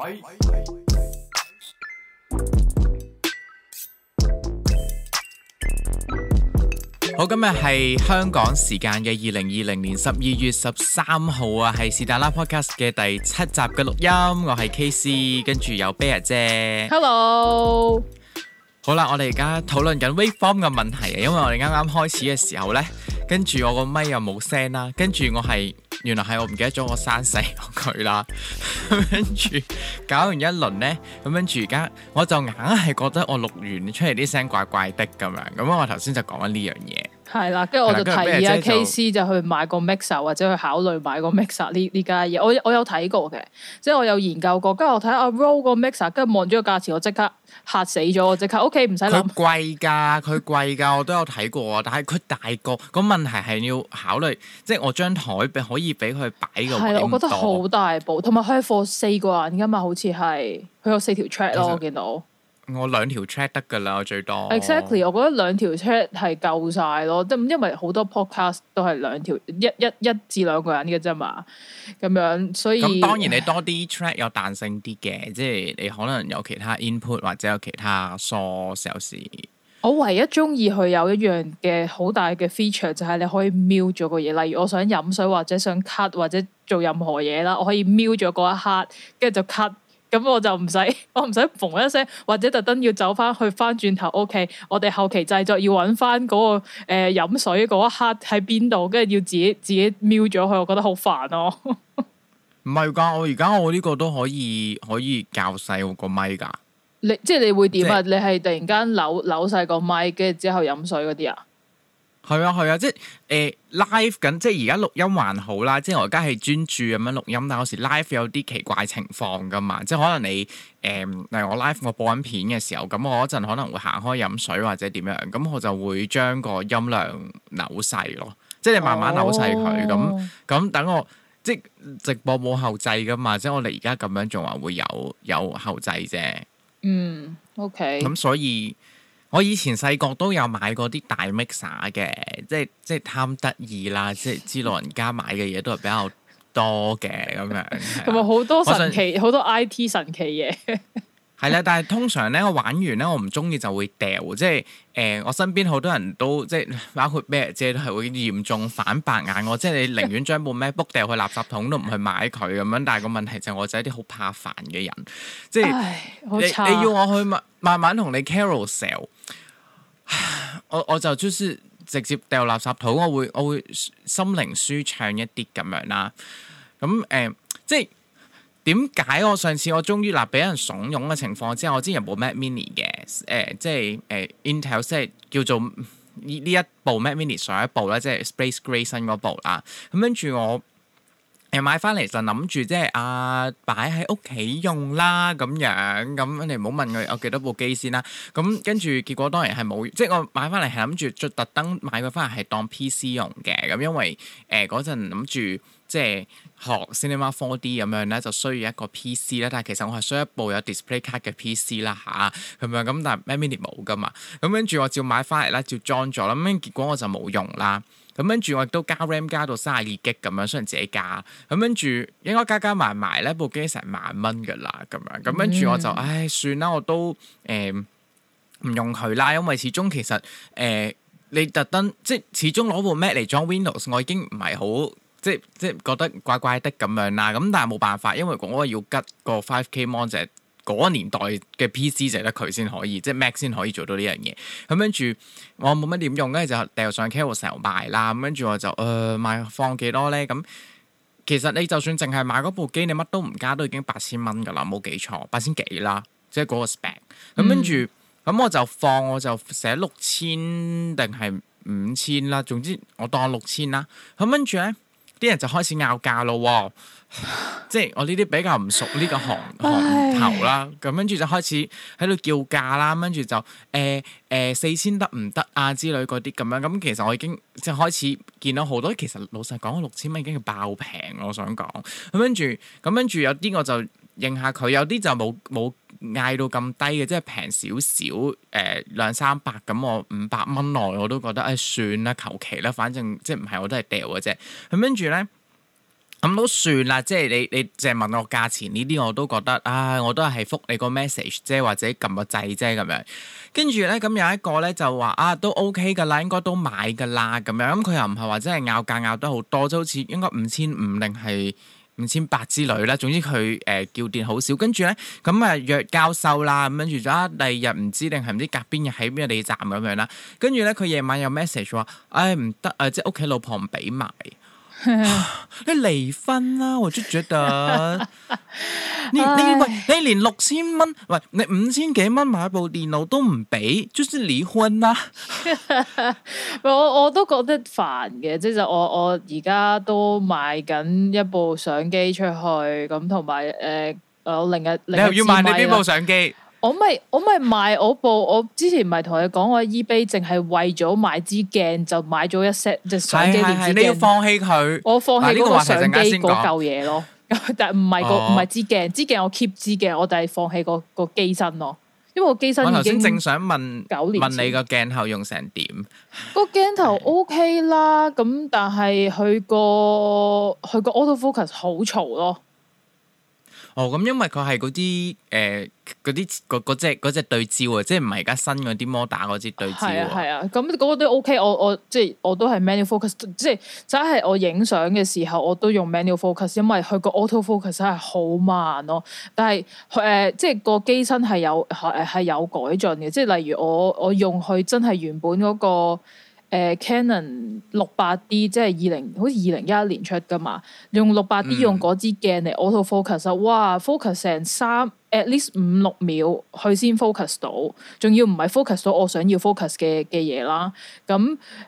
喂，好，今日係香港時間嘅二零二零年十二月十三號啊，係士達拉 Podcast 嘅第七集嘅錄音，我係 KC，跟住有 Bear 姐。Hello，好啦，我哋而家討論緊 Waveform 嘅問題，因為我哋啱啱開始嘅時候呢，跟住我個咪又冇聲啦，跟住我係。原來係我唔記得咗，我刪死咗佢啦。跟住搞完一輪呢，咁跟住而家我就硬係覺得我錄完出嚟啲聲怪怪的咁樣。咁我頭先就講緊呢樣嘢。係啦，跟住我就提議啊，KC 就去買個 mixer 或者去考慮買個 mixer 呢呢家嘢。我我有睇過嘅，即係我有研究過。跟住我睇下，Row 個 mixer，跟住望住個價錢，我即刻嚇死咗，我即刻 O K 唔使諗。佢貴噶，佢貴噶，我都有睇過 但係佢大個，個問題係要考慮，即係我張台可以俾佢擺個。係咯，我覺得好大部，同埋佢係 for 四個人噶嘛，好似係佢有四條 track 咯，我見到。我兩條 track 得噶啦，我最多。Exactly，我覺得兩條 track 係夠晒咯，即因為好多 podcast 都係兩條，一、一、一至兩個人嘅啫嘛，咁樣。所以咁當然你多啲 track 有彈性啲嘅，即係你可能有其他 input 或者有其他 source 有時。我唯一中意佢有一樣嘅好大嘅 feature 就係你可以 mute 咗個嘢，例如我想飲水或者想 cut 或者做任何嘢啦，我可以 mute 咗嗰一刻，跟住就 cut。咁我就唔使，我唔使逢一聲，或者特登要走翻去翻轉頭。OK，我哋後期製作要揾翻嗰個誒飲、呃、水嗰一刻喺邊度，跟住要自己自己瞄咗佢。我覺得好煩咯、啊。唔係噶，我而家我呢個都可以可以校細我個咪噶。你即係你會點啊？就是、你係突然間扭扭細個咪，跟住之後飲水嗰啲啊？係啊，係啊，即係誒、呃、live 緊，即係而家錄音還好啦，即係我而家係專注咁樣錄音，但係有時 live 有啲奇怪情況噶嘛，即係可能你誒、呃，例如我 live 我播影片嘅時候，咁我一陣可能會行開飲水或者點樣，咁我就會將個音量扭細咯，即係你慢慢扭細佢，咁咁等我即係直播冇後製噶嘛，即係我哋而家咁樣仲話會有有後製啫。嗯，OK。咁所以。我以前細個都有買過啲大 mixer 嘅，即係即係貪得意啦，即係知老人家買嘅嘢都係比較多嘅咁樣。同埋好多神奇，好想多 IT 神奇嘢。 係啦，但係通常咧，我玩完咧，我唔中意就會掉，即係誒、呃，我身邊好多人都即係包括咩姐都係會嚴重反白眼我， 即係你寧願將部 MacBook 掉去垃圾桶都唔去買佢咁樣。但係個問題就係我就係一啲好怕煩嘅人，即係你，你要我去慢慢同你 Carousel，我我就就是直接掉垃圾桶，我會我會心靈舒暢一啲咁樣啦。咁誒、嗯呃，即係。點解我上次我終於嗱俾人慫恿嘅情況之下，我之前有部 Mac Mini 嘅，誒、呃、即係誒、呃、Intel 即係叫做呢呢一部 Mac Mini 上一部咧，即係 Space Gray 新嗰部、呃啊、啦。咁跟住我又買翻嚟就諗住即係啊擺喺屋企用啦咁樣。咁你唔好問佢我幾多部機先啦。咁跟住結果當然係冇，即係我買翻嚟係諗住再特登買佢翻嚟係當 PC 用嘅。咁因為誒嗰陣諗住。呃即係學 cinema four D 咁樣咧，就需要一個 P C 啦。但係其實我係需要一部有 display 卡嘅 P C 啦，吓咁樣咁。但係 Mac Mini 冇噶嘛，咁跟住我照買翻嚟啦，照裝咗啦。咁結果我就冇用啦。咁跟住我亦都加 RAM 加到三十二 G 咁樣，雖然自己加咁跟住應該加加埋埋咧，部機成萬蚊噶啦。咁樣咁、嗯、跟住我就唉算啦，我都誒唔、呃、用佢啦，因為始終其實誒、呃、你特登即係始終攞部 Mac 嚟裝 Windows，我已經唔係好。即係覺得怪怪的咁樣啦，咁但係冇辦法，因為我要吉個 five k monitor 就年代嘅 PC 值，得佢先可以，即係 Mac 先可以做到呢樣嘢。咁跟住我冇乜點用，跟住就掉上 Carousell 賣啦。咁跟住我就誒賣、呃、放幾多咧？咁其實你就算淨係買嗰部機，你乜都唔加，都已經八千蚊噶啦，冇記錯，八千幾啦，即係嗰個 spec。咁跟住咁我就放，我就寫六千定係五千啦，總之我當六千啦。咁跟住咧。啲人就開始拗價咯， 即係我呢啲比較唔熟呢、呢個行行頭啦。咁跟住就開始喺度叫價啦，跟住就誒誒四千得唔得啊之類嗰啲咁樣。咁其實我已經即係開始見到好多，其實老實講，六千蚊已經係爆平。我想講咁跟住，咁跟住有啲我就認下佢，有啲就冇冇。嗌到咁低嘅，即係平少少，誒兩三百咁，200, 300，我五百蚊內我都覺得，誒算啦，求其啦，反正即係唔係我都係掉嘅啫。咁跟住咧，咁都算啦，即係你你淨係問我價錢呢啲，我都覺得，唉、哎，我都係覆你個 message 啫，或者撳個掣啫咁樣。跟住咧，咁有一個咧就話啊，都 OK 噶啦，應該都買噶啦咁樣。咁佢又唔係話真係拗價拗得好多，即好似應該五千五定係，五千八之類啦，總之佢誒、呃、叫電好少，跟住咧咁啊約教授啦，咁跟住咗第二日唔知定係唔知隔邊日喺邊個地鐵站咁樣啦，跟住咧佢夜晚有 message 話，唉，唔得啊，即係屋企老婆唔俾埋。 你離婚啦，啊，我 judge 得 你你喂，你連六 千蚊唔係你五千幾蚊買部電腦都唔俾，就算，是，離婚啦、啊。 我我都覺得煩嘅，即，就，係，是、我我而家都買緊一部相機出去，咁同埋誒我另一你又要買你邊部相機？ 我咪我咪賣我部，我之前唔係同你講我 E 杯淨係為咗買支鏡就買咗一 set 隻相機嚟。你要放棄佢。我放棄、那個相機嗰嚿嘢咯，但係唔係個唔係支鏡，支鏡我 keep 支鏡，我哋係放棄個個機身咯。因為個機身已經我頭正想問問你個鏡頭用成點？ 個鏡頭 OK 啦，咁但係佢、那個佢個 auto focus 好嘈咯。哦，咁因為佢係嗰啲誒嗰啲嗰嗰隻隻對焦，對焦啊，即係唔係而家新嗰啲摩打嗰支對焦啊？係啊，咁嗰個都 OK。我我我即係我都係 manual focus，即係真係我影相嘅時候我都用 manual focus，因為佢個 auto focus 真係好慢咯。但係誒、呃，即係個機身係有係係、呃、有改進嘅，即係例如我我用佢真係原本嗰、嗰個。誒、呃、Canon 六百 D 即係二零，好似二零一一年出噶嘛，用六百 D 用嗰支鏡嚟，auto focus 啊。哇 focus 成三 at least 五六秒，佢先 focus 到，仲要唔係 focus 到我想要 focus 嘅嘅嘢啦。咁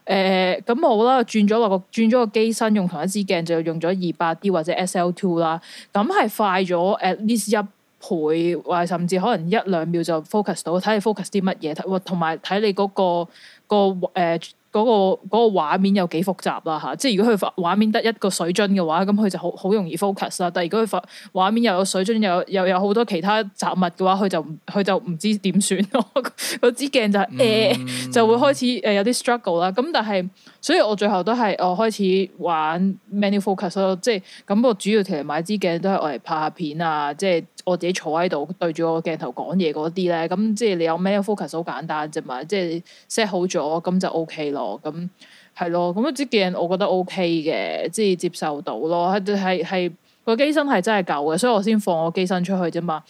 誒咁好啦，轉咗落個轉咗個機身，用同一支鏡就用咗二百 D 或者 SL two 啦，咁係快咗 at least 一倍，或者甚至可能一兩秒就 focus 到，睇你 focus 啲乜嘢，同埋睇你嗰、個、個、呃嗰個嗰個畫面有幾複雜啦吓，即係如果佢畫畫面得一個水樽嘅話，咁佢就好好容易 focus 啦。但係如果佢畫畫面又有水樽，有又有好多其他雜物嘅話，佢就佢就唔知點算咯。嗰 支鏡就係誒、呃嗯、就會開始誒有啲 struggle 啦。咁但係。所以我最後都係我開始玩 manual focus 咯，即係咁我主要其實買支鏡都係我嚟拍下片啊，即係我自己坐喺度對住個鏡頭講嘢嗰啲咧，咁即係你有 manual focus 好簡單啫嘛，即係 set 好咗咁就 O K 咯，咁係咯，咁支鏡我覺得 O K 嘅，即係接受到咯，係係係個機身係真係舊嘅，所以我先放個機身出去啫嘛，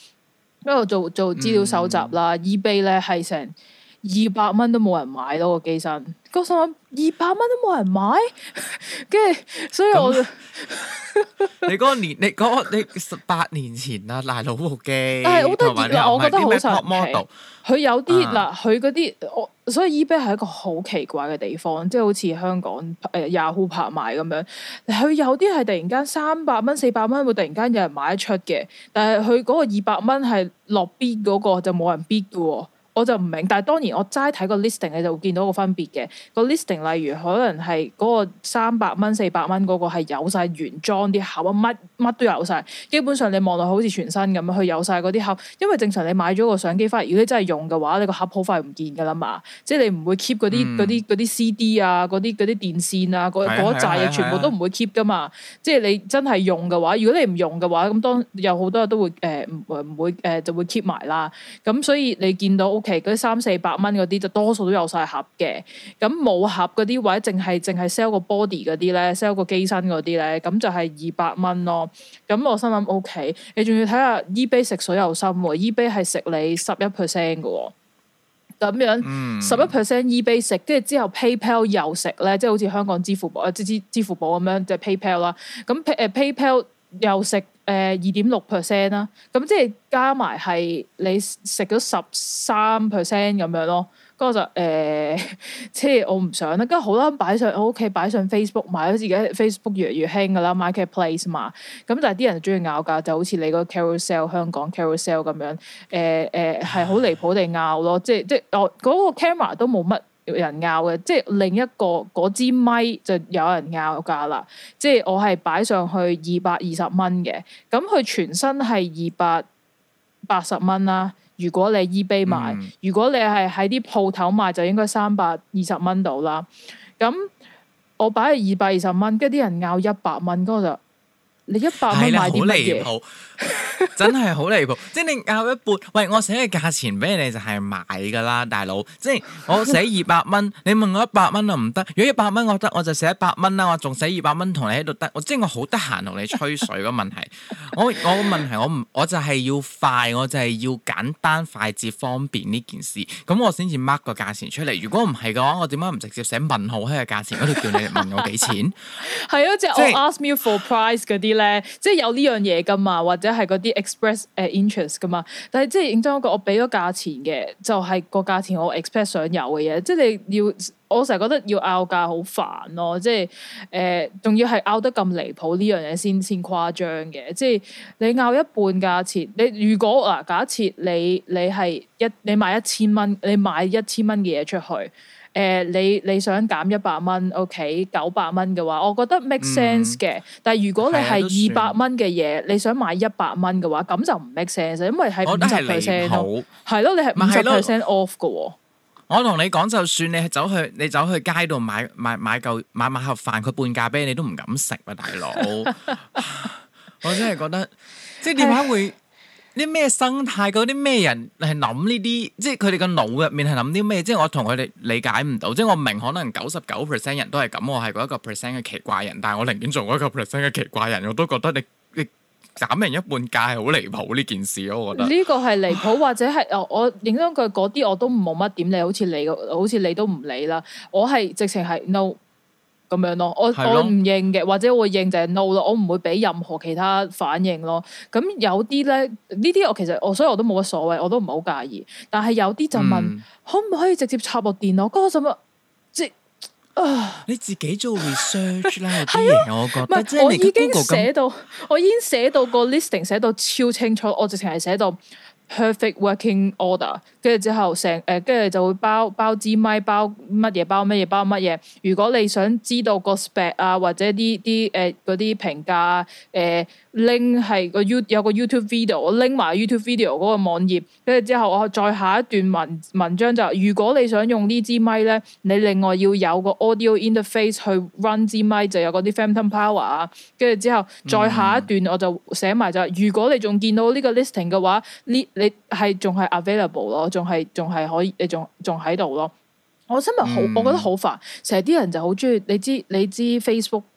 因為做做資料搜集啦，eBay 咧係成。二百蚊都冇人買嗰、嗰個機身，個心諗二百蚊都冇人買，跟 住所以我你嗰年你嗰、嗰個、你十八年前啦，買老部機，但係好得我覺得好神奇。佢有啲嗱，佢嗰啲我所以 eBay 係一個好奇怪嘅地方，即係好似香港誒、呃、Yahoo 拍賣咁樣，佢有啲係突然間三百蚊、四百蚊會突然間有人買得出嘅，但係佢嗰個二百蚊係落 bid 嗰個就冇人 bid 嘅。我就唔明，但係當然我齋睇個 listing，你就會見到個分別嘅。個 listing 例如可能係嗰個三百蚊、四百蚊嗰個係有晒原裝啲盒啊，乜乜都有晒。基本上你望落去好似全新咁樣，佢有晒嗰啲盒。因為正常你買咗個相機翻嚟，如果你真係用嘅話，你個盒好快唔見噶啦嘛。即係你唔會 keep 嗰啲嗰啲嗰啲 CD 啊，嗰啲嗰啲電線啊，嗰嗰、嗰個嗰個、一紮嘢全部都唔會 keep 噶嘛。啊啊啊、即係你真係用嘅話，如果你唔用嘅話，咁當有好多人都會誒唔唔會誒就會 keep 埋啦。咁所以你見到其三四百蚊嗰啲就多數都有晒盒嘅，咁冇盒嗰啲或者淨係淨係 sell 個 body 嗰啲咧，sell 個機身嗰啲咧，咁就係二百蚊咯。咁我心諗 OK，你仲要睇下 eBay 食水又深喎，eBay 係食你十一 percent 嘅。咁樣十一 percent eBay 食，跟住之後 PayPal 又食咧，即係好似香港支付寶啊，支支支付寶咁樣，即係 PayPal 啦。咁誒 PayPal 又食。誒二點六 percent 啦，咁、呃啊、即係加埋係你食咗十三 percent 咁樣咯。嗰個就誒，即、呃、係我唔想啦、啊。跟住好啦，擺上我屋企，擺上 Facebook，買咗自己 Facebook 越嚟越興噶啦，marketplace 嘛。咁但係啲人中意拗價，就好似你個 Carousel 香港 Carousel 咁樣，誒誒係好離譜地拗咯，即係即係我嗰個 camera 都冇乜。人拗嘅，即係另一個嗰支咪就有人拗價啦。即係我係擺上去二百二十蚊嘅，咁佢全身係二百八十蚊啦。如果你 eBay 買，嗯、如果你係喺啲鋪頭買，就應該三百二十蚊到啦。咁我擺係二百二十蚊，跟啲人拗一百蚊，嗰個就。你一百蚊好離譜， 真係好離譜，即係你咬一半。喂，我寫嘅價錢俾你就係買噶啦，大佬。即係我寫二百蚊，你問我一百蚊就唔得。如果一百蚊我得，我就寫一百蚊啦。我仲寫二百蚊同你喺度得。我即係我好得閒同你吹水個 問題。我我個問題我唔，我就係要快，我就係要簡單、快捷、方便呢件事。咁我先至 mark 個價錢出嚟。如果唔係嘅話，我點解唔直接寫問號喺個價錢度叫你問我幾錢？係 啊，即係 我 ask me for price 嗰啲。咧，即係有呢樣嘢噶嘛，或者係嗰啲 express 誒、uh, interest 噶嘛，但係即係認真個我，我俾咗價錢嘅，就係個價錢我 express 想有嘅嘢，即係你要我成日覺得要拗價好煩咯，即係誒，仲、呃、要係拗得咁離譜呢樣嘢先先誇張嘅，即係你拗一半價錢，你如果嗱假設你你係一你買一千蚊，你買一千蚊嘅嘢出去。誒、呃，你你想減一百蚊，OK，九百蚊嘅話，我覺得 make sense 嘅、嗯。但係如果你係二百蚊嘅嘢，嗯、你想買一百蚊嘅話，咁就唔 make sense，因為係五十 percent 都係咯，你係五十 percent off 嘅喎。我同你講，就算你係走去你走去街度買買買嚿買買盒飯，佢半價俾你，你都唔敢食啊，大佬！ 我真係覺得，即係點解會？ 啲咩生態，嗰啲咩人係諗呢啲，即係佢哋個腦入面係諗啲咩？即係我同佢哋理解唔到，即係我明可能九十九 percent 人都係咁，我係嗰一個 percent 嘅奇怪人，但係我寧願做嗰、嗰個 percent 嘅奇怪人，我都覺得你你砍人一半價係好離譜呢件事咯。我覺得呢個係離譜， 或者係我我影響佢嗰啲我都冇乜點理。好似你好似你都唔理啦。我係直情係 no。咁樣咯，我我唔認嘅，或者我認就係 no 咯，我唔會俾任何其他反應咯。咁有啲咧，呢啲我其實我所以我都冇乜所謂，我都唔好介意。但係有啲就問，嗯、可唔可以直接插部電腦？嗰、那個就麼即啊？你自己做 research 啦，係 啊，我覺得，唔係我已經寫到， 我已經寫到個 listing，寫到超清楚，我直情係寫到。perfect working order，跟住之後成，誒、呃，跟住就會包包支咪包乜嘢，包乜嘢，包乜嘢。如果你想知道個 spec 啊，或者啲啲誒嗰啲評價啊，誒、呃。拎係個 You 有個 YouTube video，我拎埋 YouTube video 嗰個網頁，跟住之後我再下一段文文章就如果你想用呢支咪咧，你另外要有個 audio interface 去 run 支咪，就有嗰啲 phantom power 啊。跟住之後再下一段我就寫埋就係，嗯、如果你仲見到呢個 listing 嘅話，呢你係仲係 available 咯，仲係仲係可以，你仲仲喺度咯。我真係好，我覺得好煩，成日啲人就好中意。你知你知 Facebook？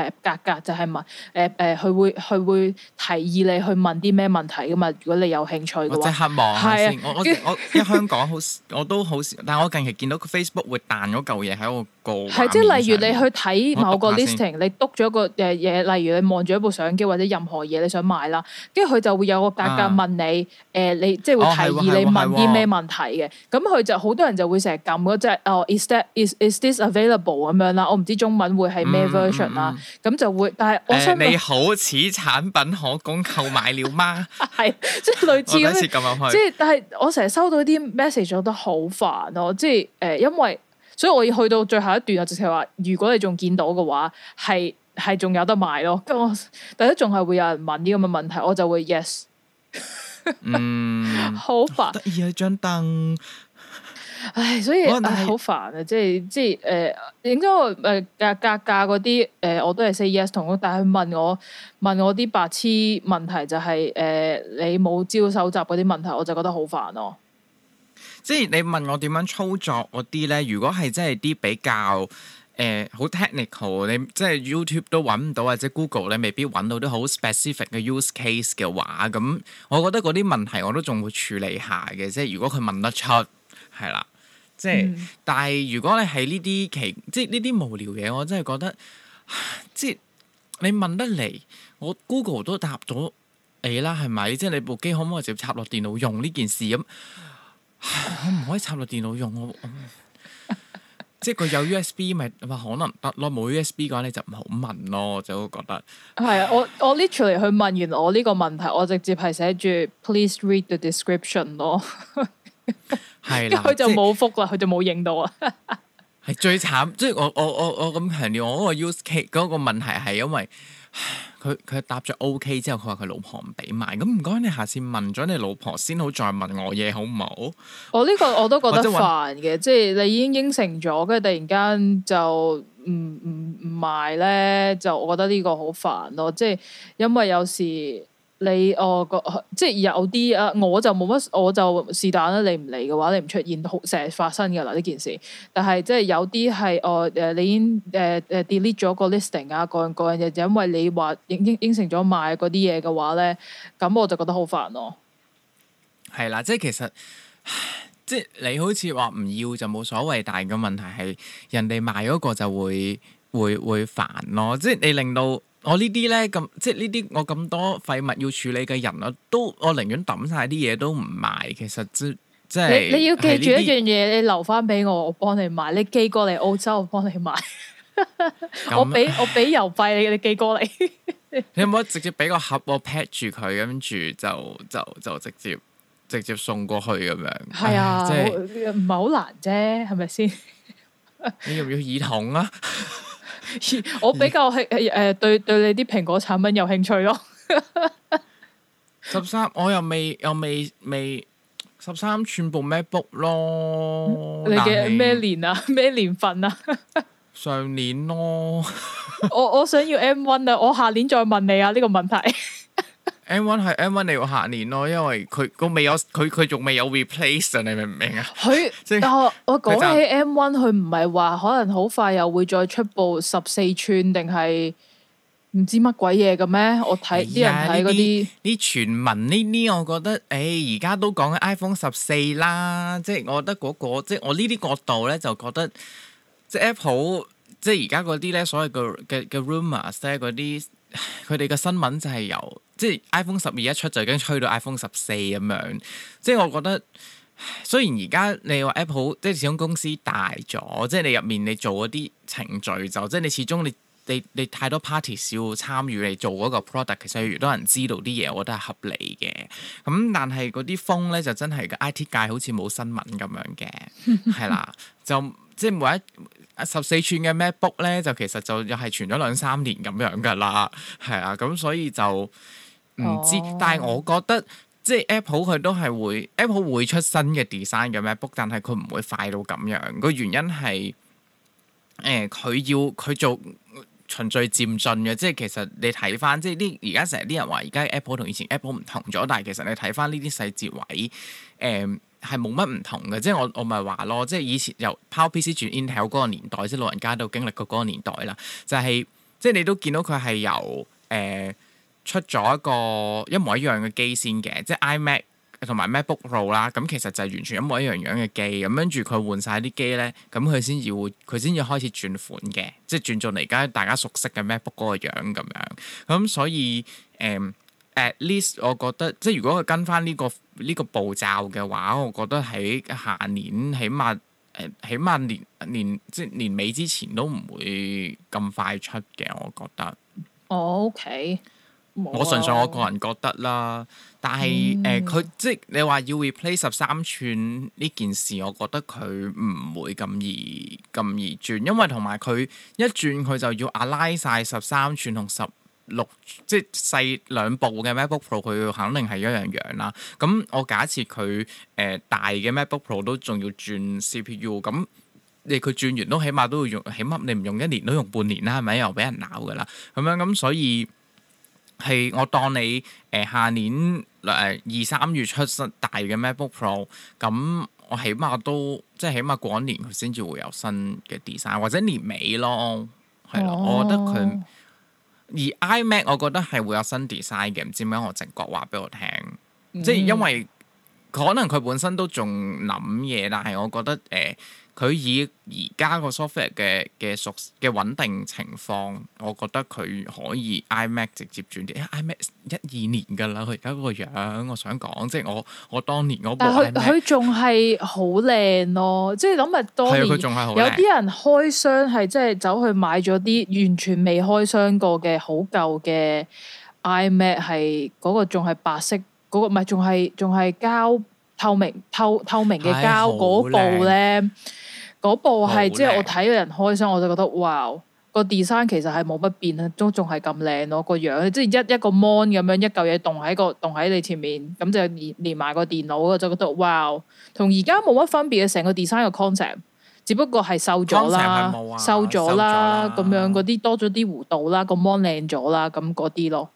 誒價格，格就係、是、問誒誒，佢、呃呃呃、會佢會提議你去問啲咩問題噶嘛？如果你有興趣嘅話，即係望下先。我我我香港好，我都好少，但係我近期見到佢 Facebook 會彈嗰嚿嘢喺我個係即係例如你去睇某個 listing，你督咗個誒嘢，例如你望住一部相機或者任何嘢你想買啦，跟住佢就會有個價格，格問你誒、啊呃，你即係會提議你問啲咩問題嘅。咁佢就好多人就會成日撳嗰隻哦，is that, is, is this available 咁樣啦。我唔知中文會係咩 version 啦。嗯嗯嗯咁就會，但係我想、欸，你好似產品可供購買了嗎？係 即係類似，我第一次咁入去。即係但係我成日收到啲 message，覺得好煩咯。即係誒、欸，因為所以我要去到最後一段，我就係話，如果你仲見到嘅話，係係仲有得買咯。咁我但係都仲係會有人問呢咁嘅問題，我就會 yes。 嗯， 煩好煩。得意啊，張凳。唉，所以但係唉好煩啊！即係即係誒，點、呃、解我誒格格價嗰啲誒，我都係 say yes 同我，但係問我問我啲白痴問題就係、是、誒、呃，你冇招手集嗰啲問題，我就覺得好煩咯。即係你問我點樣操作嗰啲咧？如果係真係啲比較。誒好、呃、technical，你即係 YouTube 都揾唔到，或者 Google 你未必揾到啲好 specific 嘅 use case 嘅話，咁我覺得嗰啲問題我都仲會處理下嘅，即係如果佢問得出，係啦，即係、嗯、但係如果你係呢啲其即係呢啲無聊嘢，我真係覺得即係你問得嚟，我 Google 都答咗你啦，係咪？即係你部機可唔可以直接插落電腦用呢件事咁？我唔可以插落電腦用我即係佢有 USB 咪，話可能得咯，冇 USB 嘅話你就唔好問咯，我就會覺得係啊， 我我 literally 去問完我呢個問題，我直接係寫住 please read the description 咯，係 啦的，佢 就冇覆啦，佢就冇影到啊，係 最慘，即係我我我我咁強調，我嗰個 use case 嗰個問題係因為。佢佢答咗 OK 之後，佢話佢老婆唔俾賣。咁唔該你下次問咗你老婆先好再問我嘢好唔好？我呢個我都覺得煩嘅，即係你已經應承咗，跟住突然間就唔唔唔賣咧，就我覺得呢個好煩咯，即係因為有時。你哦，個即係有啲啊，我就冇乜，我就是但啦。你唔嚟嘅話，你唔出現，好成日發生嘅啦呢件事。但係即係有啲係哦，誒、呃，你已經誒誒 delete 咗個 listing 啊，各樣各樣嘢，就因為你應話應應應承咗賣嗰啲嘢嘅話咧，咁我就覺得好煩咯。係啦，即係其實即係你好似話唔要就冇所謂，但係個問題係人哋賣嗰個就會會會煩咯，即係你令到。我呢啲咧咁，即係呢啲我咁多廢物要處理嘅人啊，我都我寧願抌晒啲嘢都唔賣。其實即即係你，你要記住一樣嘢，你留翻俾我，我幫你賣。你寄過嚟澳洲，我幫你賣 樣。我俾我俾郵費你，你寄過嚟。 你有冇得直接俾個盒我 pat 住佢，跟住就就就直接直接送過去咁樣？係啊，即係唔係好難啫，係咪先？ 你要唔要耳筒啊？ 我比較係誒對對，你啲蘋果產品有興趣咯，十三我又未又未未十三寸部 MacBook 咯，你嘅的咩是年啊咩年份啊？ 上年咯 我，我我想要 M1 啦、啊，我下年再問你啊呢、呢個問題。 M one 係 M one，你要下年咯，因為佢都未有佢佢仲未有 replace，你明唔明啊？佢他 即係我我講起 M one，佢唔係話可能好快又會再出部十四寸定係唔知乜鬼嘢嘅咩？我睇啲、哎、呀人睇嗰啲啲傳聞呢啲，我覺得誒而家都講緊 iPhone 十四啦，即係我覺得嗰、嗰個即係我呢啲角度咧，就覺得即係 Apple 即係而家嗰啲咧，所謂嘅嘅嘅 rumors 即嗰啲佢哋嘅新聞就係由。即係 iPhone 十二一出就已經吹到 iPhone 十四咁樣，即係我覺得，雖然而家你話 Apple 即係始終公司大咗，即係你入面你做嗰啲程序就即係你始終你你你太多 party 要參與你做嗰個 product，其實越多人知道啲嘢，我覺得係合理嘅。咁但係嗰啲風咧就真係個 IT 界好似冇新聞咁樣嘅，係 啦，就即係每一十四寸嘅 MacBook 咧就其實就又係傳咗兩三年咁樣噶啦，係啊，咁所以就。唔知，但係我覺得即係 Apple 佢都係會 Apple 會出新嘅 design 嘅 MacBook，但係佢唔會快到咁樣。個原因係誒佢要佢做循序漸進嘅，即係其實你睇翻即係啲而家成日啲人話而家 Apple 同以前 Apple 唔同咗，但係其實你睇翻呢啲細節位誒係冇乜唔同嘅。即係我我咪話咯，即係以前由 PowerPC 轉 Intel 嗰個年代，即係老人家都經歷過嗰個年代啦。就係、是、即係你都見到佢係由誒。呃出咗一個一模一樣嘅機先嘅，即係 iMac 同埋 MacBook Pro 啦。咁其實就係完全一模一樣樣嘅機咁，跟住佢換晒啲機呢，咁佢先至會佢先至開始轉款嘅，即係轉做嚟而家大家熟悉嘅 MacBook 嗰個樣咁樣。咁、嗯、所以誒、呃、at least 我覺得即係如果佢跟翻呢、呢個呢、呢個步驟嘅話，我覺得喺下年起碼誒、呃、起碼年年即係年尾之前都唔會咁快出嘅。我覺得。o、oh, k、okay. 我純粹我個人覺得啦，但係誒佢即係你話要 replace 十三寸呢件事，我覺得佢唔會咁易咁易轉，因為同埋佢一轉佢就要 align 晒十三寸同十六即係細兩部嘅 MacBook Pro，佢肯定係一樣樣啦。咁、嗯、我假設佢誒、呃、大嘅 MacBook Pro 都仲要轉 CPU，咁、嗯、你佢轉完都起碼都要用起碼你唔用一年都用半年啦，係咪又俾人鬧噶啦？咁樣咁、嗯、所以。係我當你誒下、呃、年誒二三月出新大嘅 MacBook Pro，咁我起碼都即係起碼過一年佢先至會有新嘅 design，或者年尾咯，係咯，哦、我覺得佢而 iMac 我覺得係會有新 design 嘅，唔知點解我直覺話俾我聽，嗯、即係因為可能佢本身都仲諗嘢，但係我覺得誒。呃佢以而家個 software 嘅嘅熟嘅穩定情況，我覺得佢可以 iMac 直接轉啲 iMac 一二年㗎喇，佢而家嗰個樣，我想講，即係我我當年嗰部但係。但佢仲係好靚咯，即係諗咪多。佢仲係好靚。有啲人開箱係即係走去買咗啲完全未開箱過嘅好舊嘅 iMac，係嗰、嗰個仲係白色，嗰、嗰個唔係仲係仲係膠透明透透明嘅膠嗰部咧。嗰部係即係我睇人開箱，我就覺得哇，個 design 其實係冇乜變啊，都仲係咁靚咯個樣，即係一一個 mon 咁樣一嚿嘢，動喺個動喺你前面，咁就連連埋個電腦，我就覺得哇，同而家冇乜分別啊，成個 design 個 concept 只不過係瘦咗啦，啊、瘦咗了啦，咁了、啊、樣嗰啲多咗啲弧度啦，個 mon 靚咗啦，咁嗰啲咯。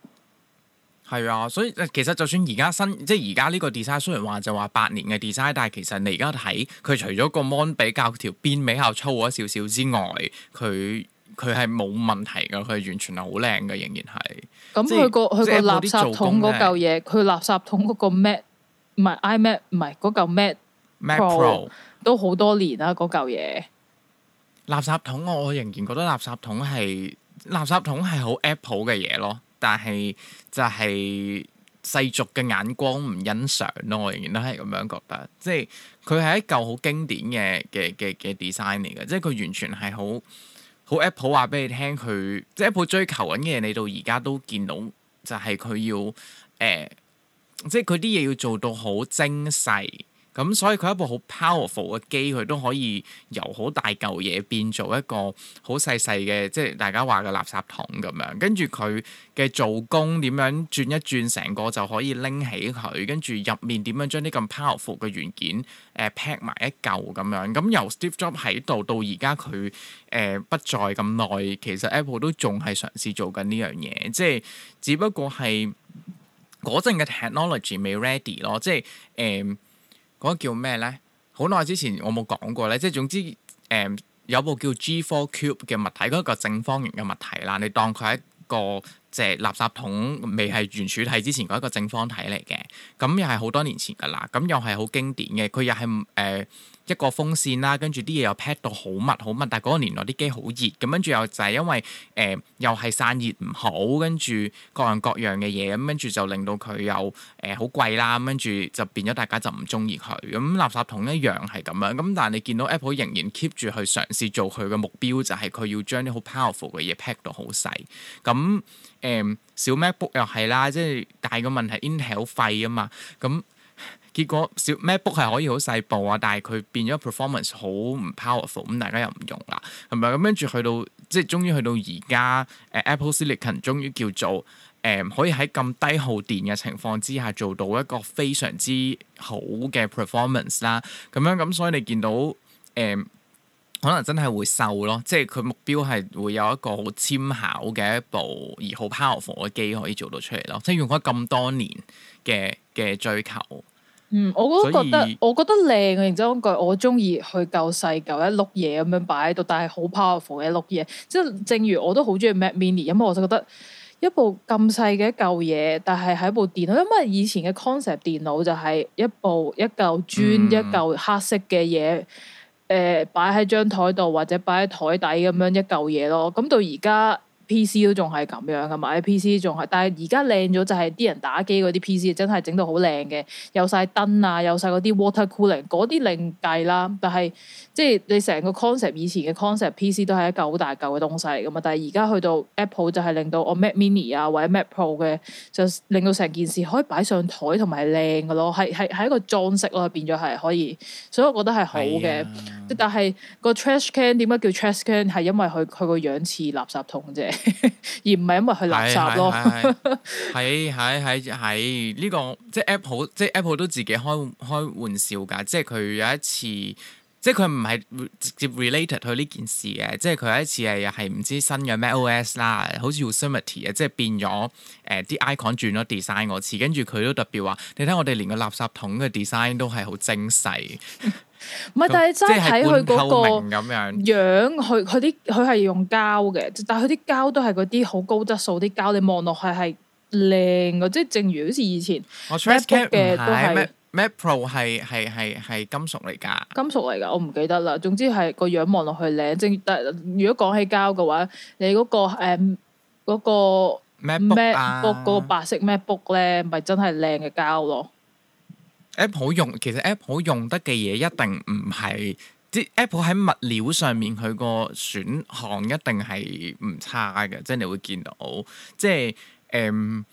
係啊，所以其實就算而家新，即係而家呢個 design 雖然話就話八年嘅 design，但係其實你而家睇佢除咗個 mon 比較條邊比較粗咗少少之外，佢佢係冇問題㗎，佢完全係好靚嘅，仍然係。咁佢、嗯即個佢即、個垃圾桶嗰嚿嘢，佢垃圾桶嗰個 Mac 唔係 iMac 唔係嗰嚿 Mac Pro 都好多年啦，嗰嚿嘢。垃圾桶我我仍然覺得垃圾桶係垃圾桶係好 Apple 嘅嘢咯。但係就係、是、世俗嘅眼光唔欣賞咯，我仍然都係咁樣覺得。即係佢係一嚿好經典嘅嘅嘅嘅 design 嚟嘅，即係佢完全係好好 Apple 話俾你聽，佢即係 Apple 追求緊嘅嘢，你到而家都見到就係、是、佢要誒、呃，即係佢啲嘢要做到好精細。咁、嗯、所以佢一部好 powerful 嘅機，佢都可以由好大嚿嘢變做一個好細細嘅，即係大家話嘅垃圾桶咁樣。跟住佢嘅做工點樣轉一轉，成個就可以拎起佢。跟住入面點樣將啲咁 powerful 嘅元件誒、uh, pack 埋一嚿咁樣。咁、嗯、由 Steve Jobs 喺度到而家佢誒不再咁耐，其實 Apple 都仲係嘗試做緊呢樣嘢，即係只不過係嗰陣嘅 technology 未 ready 咯，即係誒。嗯嗰個叫咩咧？好耐之前我冇講過咧，即係總之，誒、呃、有部叫 G4Cube 嘅物體，嗰、那個正方形嘅物體啦，你當佢係一個即係、就是、垃圾桶未係圓柱體之前嗰一個正方體嚟嘅，咁又係好多年前噶啦，咁又係好經典嘅，佢又係誒。呃一個風扇啦，跟住啲嘢又 pack 到好密好密，但係嗰個年代啲機好熱，咁跟住又就係因為誒、呃、又係散熱唔好，跟住各樣各樣嘅嘢，咁跟住就令到佢又誒好、呃、貴啦，咁跟住就變咗大家就唔中意佢，咁、嗯、垃圾桶一樣係咁樣，咁但係你見到 Apple 仍然 keep 住去嘗試做佢嘅目標，就係、是、佢要將啲好 powerful 嘅嘢 pack 到好細，咁、嗯、誒小 MacBook 又係啦，即係大個問題 Intel 廢啊嘛，咁、嗯。結果小 MacBook 係可以好細部啊，但係佢變咗 performance 好唔 powerful，咁大家又唔用啦，係咪？咁跟住去到即係終於去到而家，Apple Silicon 終於叫做誒、呃、可以喺咁低耗電嘅情況之下做到一個非常之好嘅 performance 啦。咁樣咁所以你見到誒、呃、可能真係會瘦咯，即係佢目標係會有一個好纖巧嘅一部而好 powerful 嘅機可以做到出嚟咯。即係用咗咁多年嘅嘅追求。嗯，我都覺得，所以我覺得靚啊！然之後嗰句，我中意去舊細舊一碌嘢咁樣擺喺度，但係好 powerful 嘅碌嘢。即係正如我都好中意 Mac Mini，因為我就覺得一部咁細嘅一舊嘢，但係係部電腦，因為以前嘅 concept 電腦就係一部一嚿磚一嚿黑色嘅嘢，誒，擺喺張台度或者擺喺台底咁樣一嚿嘢咯。咁到而家。PC 都仲係咁樣噶嘛，PC 仲係，但係而家靚咗就係啲人打機嗰啲 PC 真係整到好靚嘅，有晒燈啊，有晒嗰啲 water cooling，嗰啲另計啦，但係。即係你成個 concept 以前嘅 concept PC 都係一嚿好大嚿嘅東西嚟噶嘛，但係而家去到 Apple 就係令到我 Mac Mini 啊或者 Mac Pro 嘅，就令到成件事可以擺上台同埋靚噶咯，係。係係一個裝飾咯，變咗係可以，所以我覺得係好嘅。是啊、但係個 trash can 點解叫 trash can 係因為佢佢個樣似垃圾桶啫，而唔係因為佢垃圾咯，是是是是是。係係係係，呢個即係 Apple 即係 Apple 都自己開開玩笑噶，即係佢有一次。即係佢唔係直接 related 佢呢件事嘅，即係佢有一次係又唔知新嘅 macOS 啦，好似 Yosemite 啊，即係變咗誒啲 icon 轉咗 design 個詞，跟住佢都特別話，你睇我哋連個垃圾桶嘅 design 都係好精細。唔係、嗯，但係真係睇佢嗰個樣，佢佢啲佢係用膠嘅，但係佢啲膠都係嗰啲好高質素啲膠，你望落去係靚嘅，即係正如好似以前 Facebook 嘅都係。Mac Pro 係係係係金屬嚟噶，金屬嚟噶，我唔記得啦。總之係個樣望落去靚，正，就是。但係如果講起膠嘅話，你嗰、嗰個誒、嗯嗰個 Macbook 嗰 Macbook、啊、個白色 Macbook 咧，咪真係靚嘅膠咯。Apple 用其實 Apple 用得嘅嘢一定唔係，即 Apple 喺物料上面佢個選項一定係唔差嘅，即係你會見到，即係誒。嗯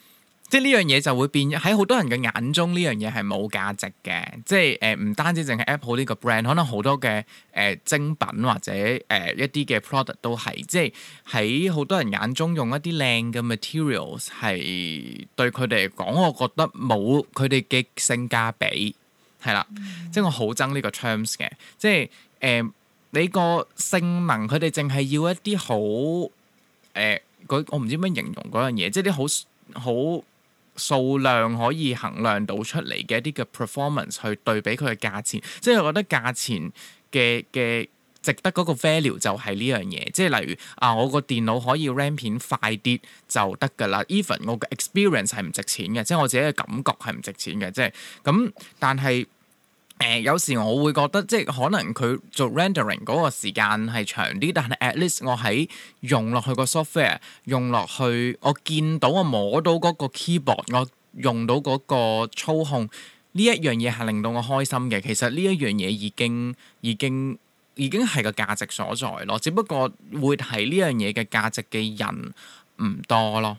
即係呢樣嘢就會變喺好多人嘅眼中呢樣嘢係冇價值嘅，即係誒唔單止淨係 Apple 呢個 brand，可能好多嘅誒、呃、精品或者誒、呃、一啲嘅 product 都係，即係喺好多人眼中用一啲靚嘅 materials 係對佢哋嚟講，我覺得冇佢哋嘅性價比係啦、嗯，即係我好憎呢個 terms 嘅，即係誒你個性能佢哋淨係要一啲好誒我唔知點樣形容嗰樣嘢，即係啲好好。數量可以衡量到出嚟嘅一啲嘅 performance 去對比佢嘅價錢，即係我覺得價錢嘅嘅值得嗰個 value 就係呢樣嘢。即係例如啊，我個電腦可以 RAM 片快啲就得㗎啦。Even 我嘅 experience 係唔值錢嘅，即係我自己嘅感覺係唔值錢嘅。即係咁，但係。誒、呃、有時我會覺得即係可能佢做 rendering 嗰個時間係長啲，但係 at least 我喺用落去個 software 用落去，我見到我摸到嗰個 keyboard，我用到嗰個操控呢一樣嘢係令到我開心嘅。其實呢一樣嘢已經已經已經係個價值所在咯，只不過會睇呢樣嘢嘅價值嘅人唔多咯。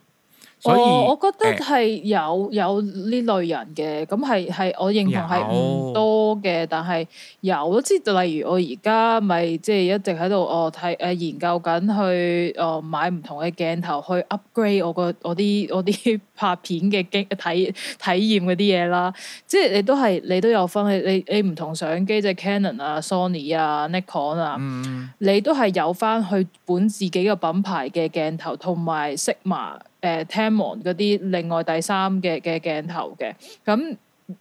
哦，oh，我覺得係有、呃、有呢類人嘅。咁係係我認同係唔多嘅，但係有咯。即係例如我而家咪即係一直喺度哦睇誒、呃、研究緊去哦、呃、買唔同嘅鏡頭去 upgrade 我個我啲我啲拍片嘅經體體驗嗰啲嘢啦。即係你都係你都有分你你唔同相機，即、就、係、是、Canon 啊、Sony 啊、Nikon 啊、嗯，你都係有返去本自己嘅品牌嘅鏡頭同埋色碼。誒聽聞嗰啲另外第三嘅嘅鏡頭嘅，咁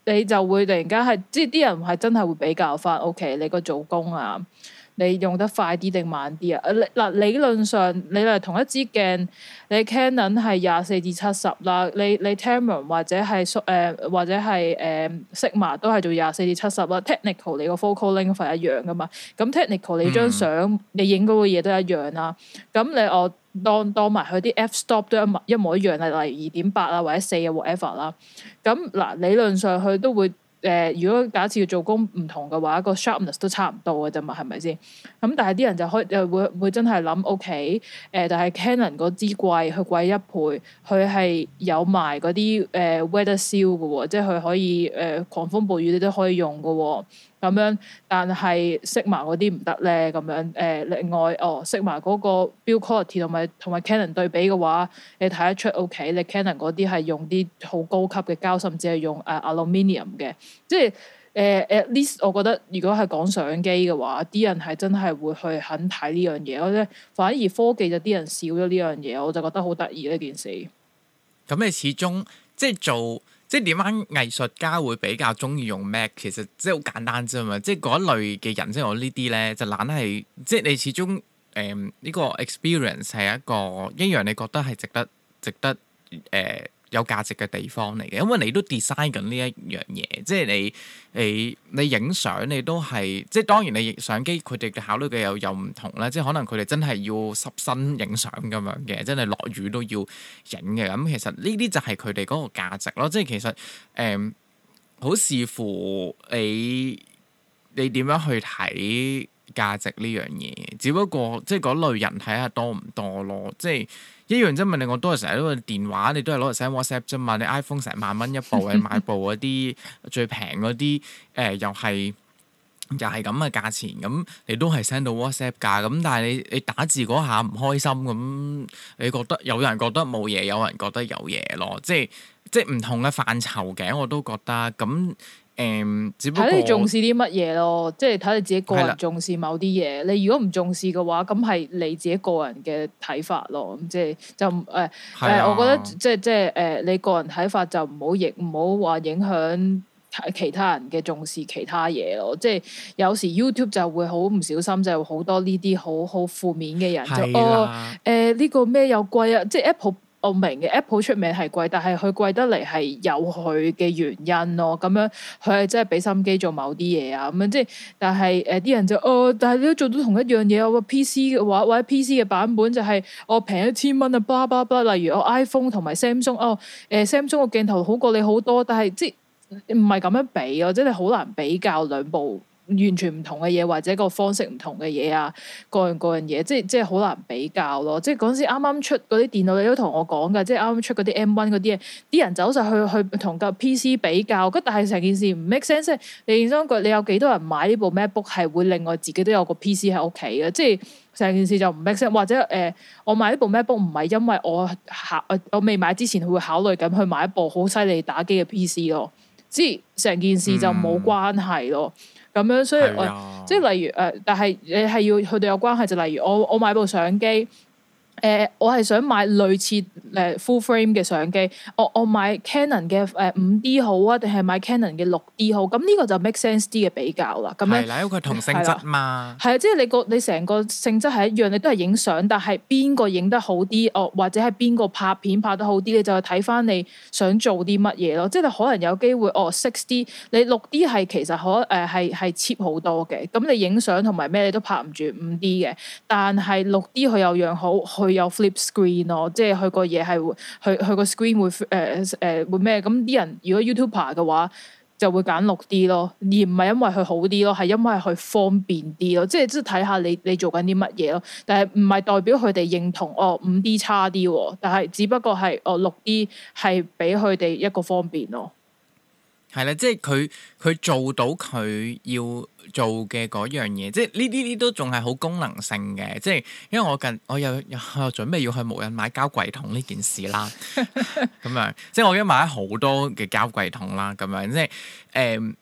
你就會突然間係，即係啲人係真係會比較翻，OK，你個做工啊。你用得快啲定慢啲啊？嗱理，理論上，你嚟同一支鏡，你 Canon 係廿四至七十啦，你你 Tamron 或者係誒、呃、或者係誒 Sigma 都係做廿四至七十啦。Technical 你個 focal length 係一樣噶嘛？咁 Technical 你張相你影嗰個嘢都一樣啦。咁你我當當埋佢啲 f stop 都一模一模一樣啦，例如二點八啊或者四啊 whatever 啦。咁嗱理論上佢都會。誒、呃，如果假設做工唔同嘅話，個 sharpness 都差唔多嘅啫嘛，係咪先？咁、嗯、但係啲人就開就、呃、會會真係諗，OK，誒、呃，但係 Canon 嗰支貴，佢貴一倍，佢係有埋嗰啲誒 weather seal 嘅喎、哦，即係佢可以誒、呃、狂風暴雨你都可以用嘅喎、哦。咁樣，但係 Sigma 嗰啲唔得咧。咁樣誒，另外哦，Sigma 嗰個 build quality 同埋同埋 Canon 對比嘅話，你睇得出 O.K. 你 Canon 嗰啲係用啲好高級嘅膠，甚至係用誒 aluminium 嘅，即係誒誒。at least 我覺得，如果係講相機嘅話，啲人係真係會去肯睇呢樣嘢，或者反而科技就啲人少咗呢樣嘢，我就覺得好得意呢件事。咁你始終即係做。即係點解藝術家會比較中意用 Mac？其實即係好簡單啫嘛！即係嗰一類嘅人，即係我呢啲咧，就懶係即係你始終誒呢個 experience 係一個一樣，你覺得係值得值得誒。呃有價值嘅地方嚟嘅，因為你都 design 緊呢一樣嘢，即係你你你影相你都係，即係當然你影相機佢哋嘅考慮嘅又又唔同喇，即係可能佢哋真係要濕身影相咁樣嘅，真係落雨都要影嘅。咁其實呢啲就係佢哋嗰個價值咯。即係其實誒，好、嗯、視乎你你點樣去睇價值呢樣嘢。只不過即係嗰類人睇下多唔多咯。即係。一樣啫，問你我都係成日都用電話，你都係攞嚟 send WhatsApp 啫嘛。你 iPhone 成萬蚊一部，你買部嗰啲最平嗰啲，誒、呃、又係又係咁嘅價錢，咁你都係 send 到 WhatsApp 噶。咁但係你你打字嗰下唔開心，咁你覺得有人覺得冇嘢，有人覺得有嘢咯。即係即係唔同嘅範疇嘅，我都覺得咁。睇你重視啲乜嘢咯，即係睇你自己個人重視某啲嘢。是的 你如果唔重視嘅話，咁係你自己個人嘅睇法咯。即係就誒誒，哎、是的 我覺得即係即係誒、呃，你個人睇法就唔好亦唔好話影響其他人嘅重視其他嘢咯。即係有時 YouTube 就會好唔小心，就好、是、多呢啲好好負面嘅人就是的 哦誒呢、呃這個咩又貴啊，即係 Apple。我明嘅 Apple 出名係貴，但係佢貴得嚟係有佢嘅原因咯。咁樣佢係真係俾心機做某啲嘢啊。咁樣即係，但係誒啲人就哦，但係你都做到同一樣嘢啊。我個 PC 嘅話或者 PC 嘅版本就係我平一千蚊啊！叭巴叭。Blah blah blah, 例如我 iPhone 同埋 Samsung 哦，誒、呃、Samsung 個鏡頭好過你好多，但係即唔係咁樣比啊？即你好難比較兩部完全唔同嘅嘢，或者個方式唔同嘅嘢啊，各樣各樣嘢，即係即係好難比較咯。即係嗰陣時啱啱出嗰啲電腦，你都同我講噶，即係啱啱出嗰啲 M1 嗰啲嘢，啲人走晒去去同個 PC 比較，但係成件事唔 make sense。你認真講，你有幾多人買呢部 MacBook 係會另外自己都有個 PC 喺屋企嘅？即係成件事就唔 make sense，或者誒、呃，我買呢部 MacBook 唔係因為我考我未買之前佢會考慮緊去買一部好犀利打機嘅 PC 咯，即係成件事就冇關係咯。嗯咁樣，所以我是、啊、即係例如誒、呃，但係你係要佢哋有關係，就例如我我買部相機。誒、呃，我係想買類似誒、呃、full frame 嘅相機，我我買 Canon 嘅誒五 D 好啊，定係買 Canon 嘅六 D 好？咁呢個就 make sense 啲嘅比較啦。係、嗯，嗱你，佢同性質嘛。係啊，即係你個你成個性質係一樣，你都係影相，但係邊個影得好啲？哦、呃，或者係邊個拍片拍得好啲？你就睇翻你想做啲乜嘢咯。即係可能有機會哦，six D，你六 D 係其實可誒係係 cheap 好多嘅。咁你影相同埋咩你都拍唔住五 D 嘅，但係六 D 佢又樣好，佢有 flip screen 咯，即係佢個嘢係會，佢佢個 screen 會誒誒會咩？咁啲人如果 YouTuber 嘅話，就會揀六 D 咯，而唔係因為佢好啲咯，係因為佢方便啲咯。即係即係睇下你你做緊啲乜嘢咯，但係唔係代表佢哋認同哦五 D 差啲，但係只不過係哦六 D 係俾佢哋一個方便咯。係啦，即係佢佢做到佢要做嘅嗰樣嘢，即係呢啲啲都仲係好功能性嘅，即係因為我近我有有，有準備要去無印買膠櫃桶呢件事啦，咁 樣即係我已經買咗好多嘅膠櫃桶啦，咁樣即係誒。呃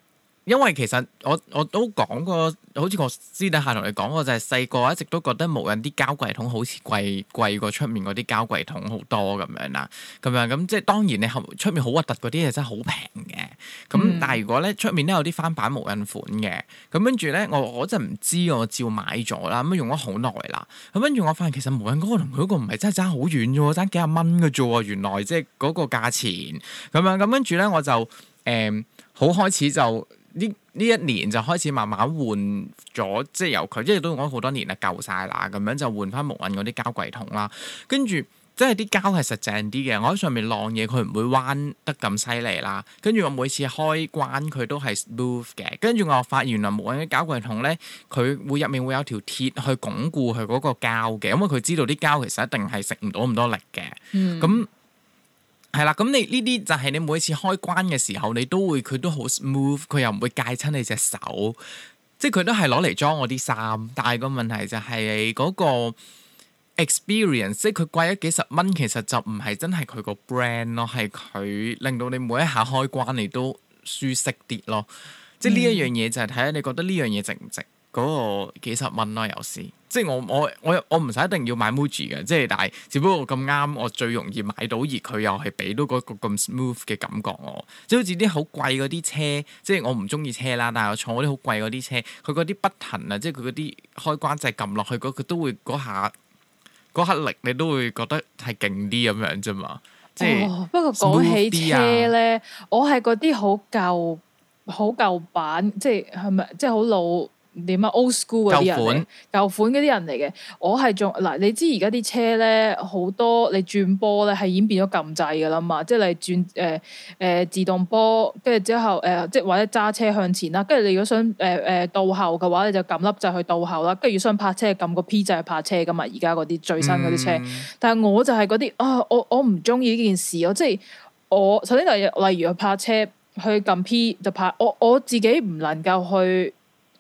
因為其實我我都講過，好似我私底下同你講過，我就係細個一直都覺得無印啲膠櫃桶好似貴貴過出面嗰啲膠櫃桶好多咁樣啦，咁樣咁即係當然你出面好核突嗰啲嘢真係好平嘅，咁但係如果咧出面都有啲翻版無印款嘅，咁跟住咧我我真係唔知，我照買咗啦，咁用咗好耐啦，咁跟住我發現其實無印嗰個同佢嗰個唔係真係差好遠啫，差幾廿蚊嘅啫，原來即係嗰個價錢咁樣，咁跟住咧我就誒、嗯、好開始就。呢呢一年就開始慢慢換咗，即係由佢，即係都用咗好多年啦，舊晒啦，咁樣就換翻木韻嗰啲膠櫃桶啦。跟住即係啲膠係實淨啲嘅，我喺上面晾嘢，佢唔會彎得咁犀利啦。跟住我每次開關佢都係 smooth 嘅。跟住我發現啊，木韻嘅膠櫃桶呢，佢會入面會有條鐵去鞏固佢嗰個膠嘅，因為佢知道啲膠其實一定係食唔到咁多力嘅。咁、嗯。係啦，咁你呢啲就係你每一次開關嘅時候，你都會佢都好 smooth，佢又唔會戒親你隻手，即係佢都係攞嚟裝我啲衫。但係個問題就係嗰個 experience，即係佢貴咗幾十蚊，其實就唔係真係佢個 brand 咯，係佢令到你每一下開關你都舒適啲咯。即係呢一樣嘢就係睇下你覺得呢樣嘢值唔值嗰個幾十蚊咯，有時。即係我我我我唔使一定要買 Muji 嘅，即係但係只不過咁啱我最容易買到而佢又係俾到嗰、嗰個咁 smooth 嘅感覺我，即係好似啲好貴嗰啲車，即係我唔中意車啦，但係我坐嗰啲好貴嗰啲車，佢嗰啲不騰啊，即係佢嗰啲開關掣係撳落去佢都會嗰下嗰下力你都會覺得係勁啲咁樣啫嘛，即係、哦、不過講起車咧、啊，我係嗰啲好舊好舊版，即係係咪即係好老？點啊？old school 嗰啲人，舊款嗰啲人嚟嘅。我係仲嗱，你知而家啲車咧，好多你轉波咧係演變咗撳掣噶啦嘛，即係你轉誒誒、呃呃、自動波，跟住之後誒、呃、即係或者揸車向前啦，跟住你如果想誒誒倒後嘅話，你就撳粒掣去倒後啦。跟住想泊車，撳個 P 掣、嗯啊、去泊車噶嘛。而家嗰啲最新嗰啲車，但係我就係嗰啲啊，我我唔中意呢件事咯。即係我首先例例如去泊車去撳 P 就泊，我我,我自己唔能夠去。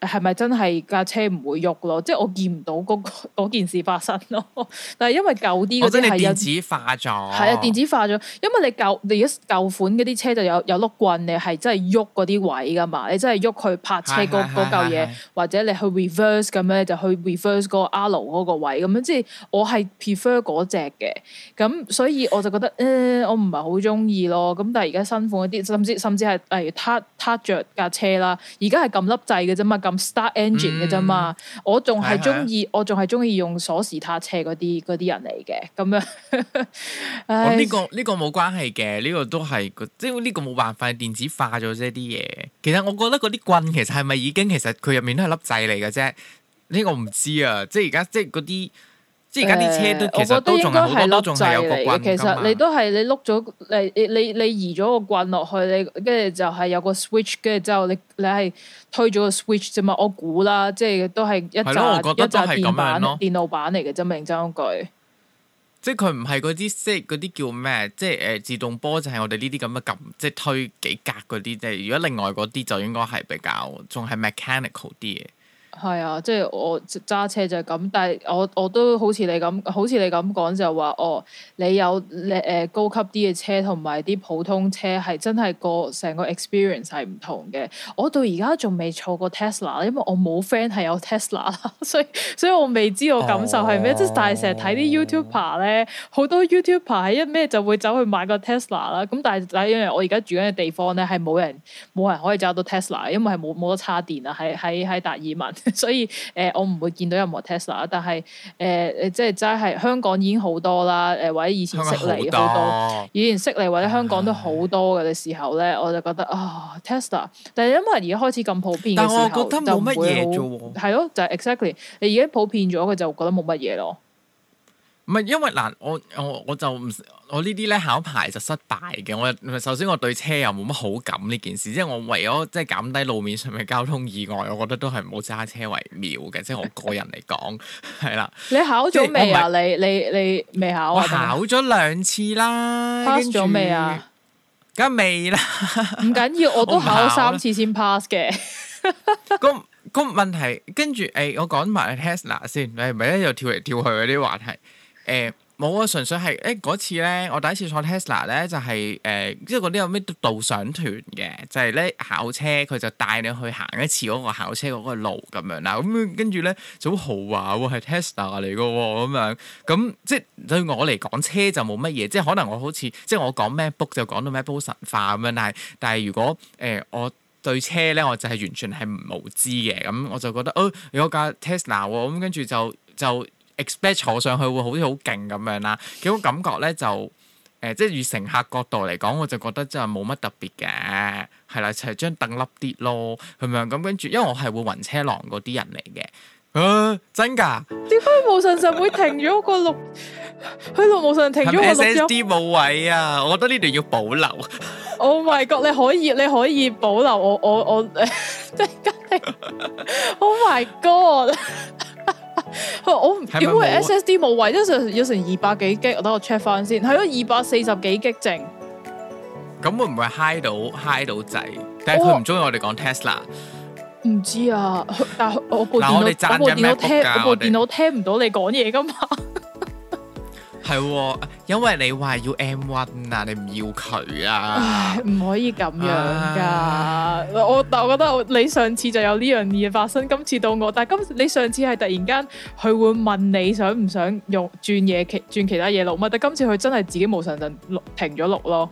係咪真係架車唔會喐咯？即係我見唔到嗰、嗰個、件事發生咯。 但係因為舊啲嗰啲係電子化咗，係啊，電子化咗。因為你舊你一舊款嗰啲車就有有碌棍，你係真係喐嗰啲位㗎嘛？你真係喐佢泊車嗰嚿嘢，或者你去 reverse 咁咧，就去 reverse 嗰 R 阿路嗰個位咁樣。即係我係 prefer 嗰隻嘅，咁所以我就覺得誒、呃，我唔係好中意咯。咁但係而家新款嗰啲，甚至甚至係例如撻著架車啦，按按而家係撳粒掣嘅啫嘛。咁 start engine 嘅啫嘛，我仲係中意，是是我仲係中意用鎖匙撻車嗰啲啲人嚟嘅咁樣。唉、 哦，呢、這個呢、這個冇關係嘅，呢、這個都係即係呢個冇辦法電子化咗啫啲嘢。其實我覺得嗰啲棍其實係咪已經其實佢入面都係粒掣嚟嘅啫？呢、這個唔知啊，即係而家即係嗰啲。即而家啲車都其實應都仲係好多，仲有個棍。其實你都係你碌咗你你你移咗個棍落去，你跟住就係有個 switch，跟住之後你你係推咗個 switch 啫嘛。我估啦，即係都係一咁一集電，電腦版嚟嘅，真咪真句。即係佢唔係嗰啲即係嗰啲叫咩？即係誒、呃、自動波就係我哋呢啲咁嘅撳，即係推幾格嗰啲。即係如果另外嗰啲就應該係比較仲係 mechanical 啲嘢。係啊，即係我揸車就咁，但係我我都好似你咁，好似你咁講就話哦，你有你誒、呃、高級啲嘅車同埋啲普通車係真係個成個 experience 係唔同嘅。我到而家仲未坐過 Tesla，因為我冇 friend 係有，有 Tesla，所以所以我未知我感受係咩。即係、uh、但係成日睇啲 YouTuber 咧，好多 YouTuber 係一咩就會走去買個 Tesla 啦。咁但係但係因為我而家住緊嘅地方咧係冇人冇人可以揸到 Tesla，因為係冇冇得插電啊。喺喺喺達爾文。 所以誒、呃，我唔會見到任何 Tesla，但係誒誒，即係真係香港已經好多啦，誒或者以前悉尼好多，以前悉尼或者香港都好多嘅時候咧，嗯、我就覺得啊、哦、Tesla，但係因為而家開始咁普遍嘅時候，但我覺得冇乜嘢啫係咯，就係、係、exactly，你而家普遍咗，佢就覺得冇乜嘢咯。唔係，因為嗱，我我我就唔，我呢啲咧考牌就失敗嘅。我首先我對車又冇乜好感呢件事，即係我為咗即係減低路面上嘅交通意外，我覺得都係冇揸車為妙嘅。Okay. 即係我個人嚟講，係啦。你，你，你考咗未啊？你你你未考？我考咗兩次啦。pass 咗未啊？梗係未啦。唔緊要，我都考咗三次先 pass 嘅。咁 咁問題，跟住誒，我講埋 Tesla 先，你係咪一又跳嚟跳去嗰啲話題？誒冇啊，純粹係誒嗰次咧，我第一次坐 Tesla 咧就係、是、誒，即係嗰啲有咩導賞團嘅，就係咧考車佢就帶你去行一次嗰、那個考車嗰個路咁樣啦。咁跟住咧就好豪華喎，係 Tesla 嚟噶喎咁樣。咁、嗯哦哦嗯、即係對我嚟講，車就冇乜嘢。即係可能我好似即係我講 MacBook 就講到 MacBook 神化咁樣，但係但係如果誒、呃、我對車咧，我就係完全係無知嘅。咁、嗯、我就覺得哦，有架 Tesla 喎、哦。咁、嗯、跟住就就。就就就就就就 expect 坐上去會好似好勁咁樣啦，嗰種感覺咧就誒、呃，即係以乘客角度嚟講，我就覺得真係冇乜特別嘅，係啦，就係張凳凹啲咯，係咪啊？咁跟住，因為我係會暈車浪嗰啲人嚟嘅。啊，真㗎？點解無神神會停咗個六？喺度 無神神停咗個六？D 冇位啊！我覺得呢段要保留。Oh my god 你可以，你可以保留我，我，我即係家庭。 Oh my god！ 我唔點會是是 SSD 冇位？因為有成二百幾 G，會會我等我 check 翻先。係咯，二百四十幾 G，淨。咁會唔會 high 到 high 到滯？但係佢唔中意我哋講 Tesla。唔知啊，但係我部電腦， 我部電腦聽唔 到你講嘢噶嘛？ 係、哦，因為你話要 M1 啊，你唔要佢啊，唉，唔可以咁樣噶。啊、我但我覺得我，你上次就有呢樣嘢發生，今次到我，但係今你上次係突然間佢會問你想唔想用轉嘢其轉其他嘢錄，咪，但今次佢真係自己冇上陣錄停咗錄咯。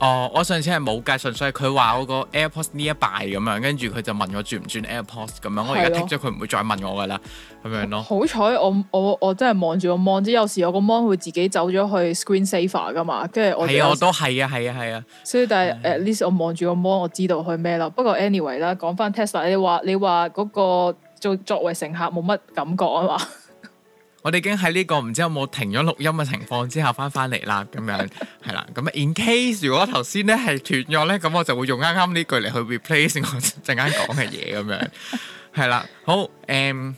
哦，oh, 我上次係冇計，純粹係佢話我個 AirPods 呢一排咁樣，跟住佢就問我轉唔轉 AirPods 咁樣的。我而家剔咗，佢唔會再問我噶啦，咁我樣咯。好彩我我我真係望住個芒，即有時我個芒 o 會自己走咗去 screen saver 噶嘛，跟住我係啊的，我都係啊，係啊，係啊。所以但係誒，At least< 的>我望住個芒，我知道佢咩咯。不過 anyway 啦，講翻 Tesla，你話你話嗰個做作為乘客冇乜感覺啊嘛。 我哋已經喺呢個唔知有冇停咗錄音嘅情況之下翻翻嚟啦，咁樣係啦。咁 in case 如果頭先咧係斷咗咧，咁我就會用啱啱呢句嚟去 replace 我陣間講嘅嘢，咁樣係啦。 好，誒、嗯，誒、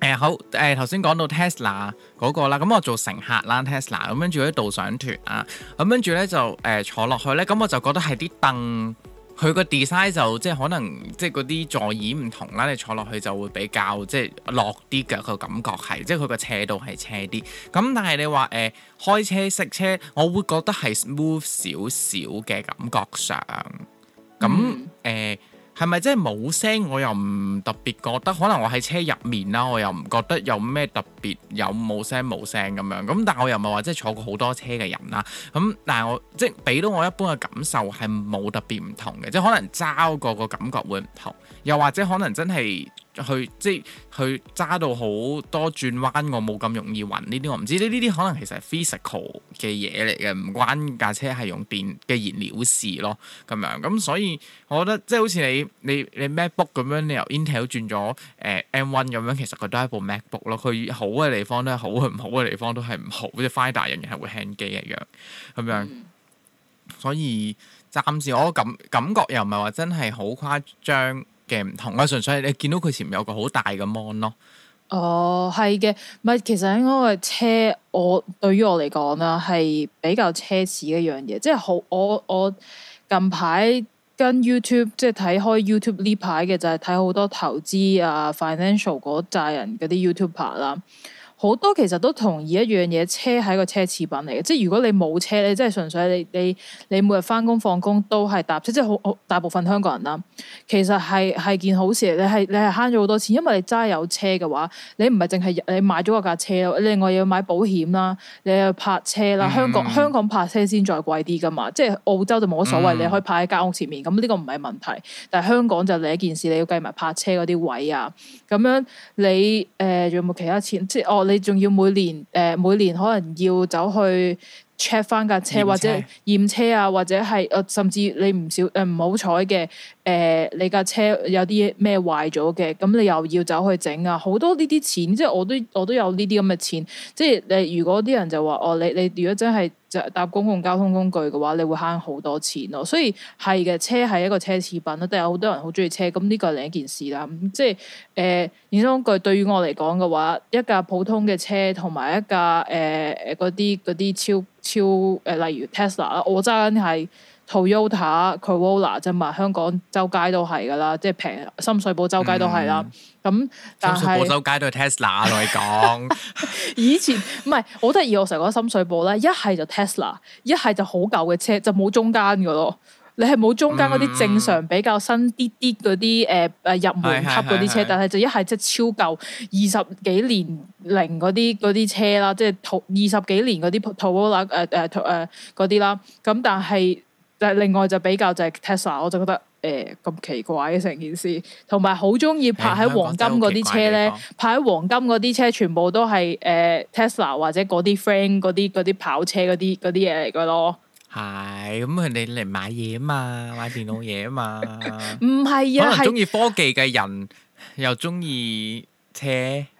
呃，好，誒、呃，頭先講到 Tesla 嗰個啦，咁我做乘客啦，Tesla 咁跟住喺度賞團啊，咁跟住咧就誒、呃、坐落去咧，咁我就覺得係啲凳。佢個 design 就即係可能即係嗰啲座椅唔同啦，你坐落去就會比較即係落啲嘅個感覺係，即係佢個斜度係斜啲。咁但係你話誒、呃、開車熄車，我會覺得係 smooth 少少嘅感覺上，咁誒。嗯呃係咪即係冇聲？我又唔特別覺得，可能我喺車入面啦，我又唔覺得有咩特別，有冇聲冇聲咁樣。咁但係我又唔係話即係坐過好多車嘅人啦。咁但係我即係俾到我一般嘅感受係冇特別唔同嘅，即係可能揸過個感覺會唔同，又或者可能真係。去即係去揸到好多轉彎，我冇咁容易暈。呢啲我唔知，呢啲可能其實係 physical 嘅嘢嚟嘅，唔關架車係用電嘅燃料事咯。咁樣咁，所以我覺得即係好似你你你 MacBook 咁樣，你由 Intel 轉咗誒、呃、M1 咁樣，其實佢都係一部 MacBook 咯。佢好嘅地方都係好，佢唔好嘅地方都係唔好。即係 Finder 仍然係會 hang 機一樣咁樣。嗯、所以暫時我感感覺又唔係話真係好誇張。嘅唔同啊，純粹係你見到佢前面有個好大嘅 mon 咯。哦，係嘅，唔係其實應該個車，我對於我嚟講啦，係比較奢侈一樣嘢，即係好，我我近排跟 YouTube 即係睇開 YouTube 呢排嘅就係睇好多投資啊 financial 嗰扎人嗰啲 YouTuber 啦、啊。好多其實都同意一樣嘢，車係一個奢侈品嚟嘅。即係如果你冇車咧，即係純粹你你你每日返工放工都係搭車，即係好好大部分香港人啦。其實係係件好事嚟，你係你係慳咗好多錢，因為你齋有車嘅話，你唔係淨係你買咗嗰架車咯，你另外要買保險啦，你又泊車啦。香港、mm hmm. 香港泊車先再貴啲㗎嘛，即係澳洲就冇乜所謂，mm hmm. 你可以泊喺間屋前面，咁呢個唔係問題。但係香港就你一件事，你要計埋泊車嗰啲位啊。咁樣你誒、呃、有冇其他錢？即係我。你仲要每年誒、呃，每年可能要走去。check 翻架車查或者驗車啊，或者係誒甚至你唔少誒唔好彩嘅誒、呃，你架車有啲咩壞咗嘅，咁你又要走去整啊！好多呢啲錢，即係我都我都有呢啲咁嘅錢，即係你如果啲人就話哦，你你如果真係就搭公共交通工具嘅話，你會慳好多錢咯、哦。所以係嘅，車係一個奢侈品啦，但係好多人好中意車，咁呢個另一件事啦。即係誒，交、呃、通工具對於我嚟講嘅話，一架普通嘅車同埋一架誒誒嗰啲嗰啲超。超誒、呃，例如 Tesla 啦，我揸緊係 Toyota Corolla 啫嘛，香港周街都係噶啦，即係平，深水埗周街都係啦。咁、嗯、但係深水埗周街都係 Tesla 同 你講說， 以前唔係，我都係以我成日覺得深水埗咧，一係就 Tesla，一係就好舊嘅車，就冇中間噶咯。你係冇中間嗰啲正常比較新啲啲嗰啲，誒誒入門級嗰啲車，嗯、但係就一係即係超舊二十幾年零嗰啲啲車啦，即係二十幾年嗰啲淘寶啦嗰啲啦。咁、啊啊、但係誒另外就比較就係 Tesla，我就覺得誒咁、呃、奇怪嘅成件事。同埋好中意泊喺黃金嗰啲車咧，泊喺黃金嗰啲車全部都係誒、呃、Tesla 或者嗰啲 friend 嗰啲啲跑車嗰啲嗰啲嘢嚟噶咯。係咁，佢哋嚟買嘢啊嘛，買電腦嘢啊嘛，唔係 啊，可能中意科技嘅人是又中意車，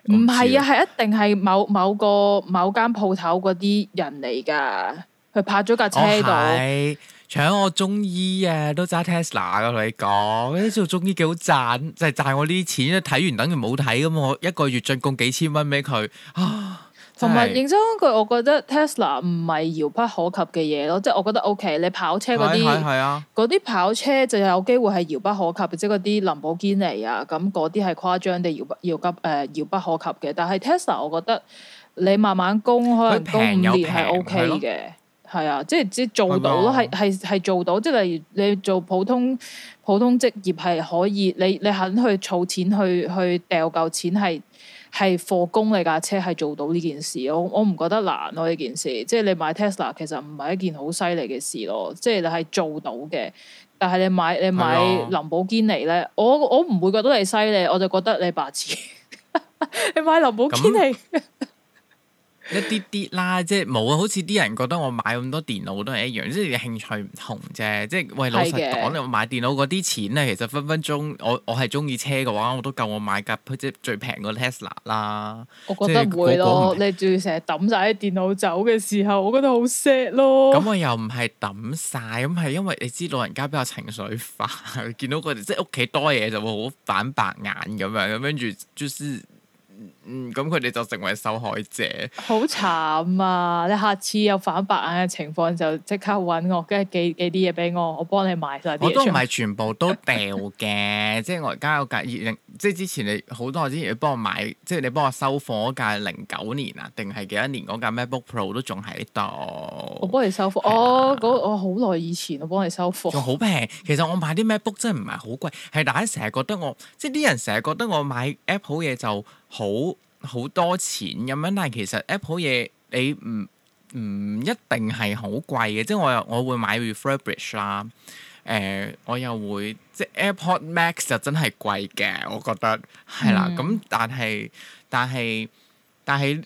唔係啊，係一定係某某個某間鋪頭嗰啲人嚟噶，佢拍咗架車度，搶、哦、我中醫啊，都揸 Tesla 噶，同你講，啲做中醫幾好賺，就係、是、賺我啲錢，睇完等於冇睇咁，我一個月進貢幾千蚊俾佢啊。同埋認真講句，有我覺得 Tesla 唔係遙不可及嘅嘢咯，即係我覺得 OK。Okay，你跑車嗰啲，嗰啲跑車就有機會係遙不可及，即係嗰啲林寶堅尼啊，咁嗰啲係誇張地遙遙急誒遙，遙不可及嘅。但係 Tesla，我覺得你慢慢供，可能供五年係 OK 嘅，係啊，即係即做到咯，係係係做到。即係例如你做普通普通職業係可以，你你，你肯去儲錢去去掉夠錢係。係貨工你架車係做到呢件事，我我唔覺得難咯、啊、呢件事，即係你買 Tesla 其實唔係一件好犀利嘅事咯，即係你係做到嘅，但係你買你買，你買林寶堅尼咧的，我我唔會覺得你犀利，我就覺得你白痴， 你買林寶堅尼樣。 一啲啲啦，即係冇啊！好似啲人覺得我買咁多電腦都係一樣，即係興趣唔同啫。即係喂，老實講，的你買電腦嗰啲錢咧，其實分分鐘我，我我係中意車嘅話，我都夠我買架即係最平個 Tesla 啦。我覺得唔會咯，你仲要成日抌晒啲電腦走嘅時候，我覺得好 sad 咯。咁我又唔係抌晒，咁係因為你知老人家比較情緒化， 見到嗰、那、啲、個、即係屋企多嘢就會好反白眼咁樣，跟住就是。就是嗯，咁佢哋就成為受害者。好慘啊！ 你下次有反白眼嘅情況就即刻揾我，跟住寄寄啲嘢俾我，我幫你買曬。我都唔係全部都掉嘅， 即係我而家有架二零，即係之前你好多我之前要幫我買，即係你幫我收貨嗰架零九年啊，定係幾多年嗰架 MacBook Pro 都仲喺度。我幫你收貨，哦，我好耐以前我幫你收貨，仲好平。其實我買啲 MacBook 真係唔係好貴，係大家成日覺得我，即係啲人成日覺得我買 Apple 嘢就好。好多錢咁樣，但係其實 Apple 嘢你唔唔一定係好貴嘅，即係我我會買 refurbished 啦、啊，誒我又會即係 AirPod Max 就真係貴嘅，我覺得係啦。咁、嗯、但係但係但係。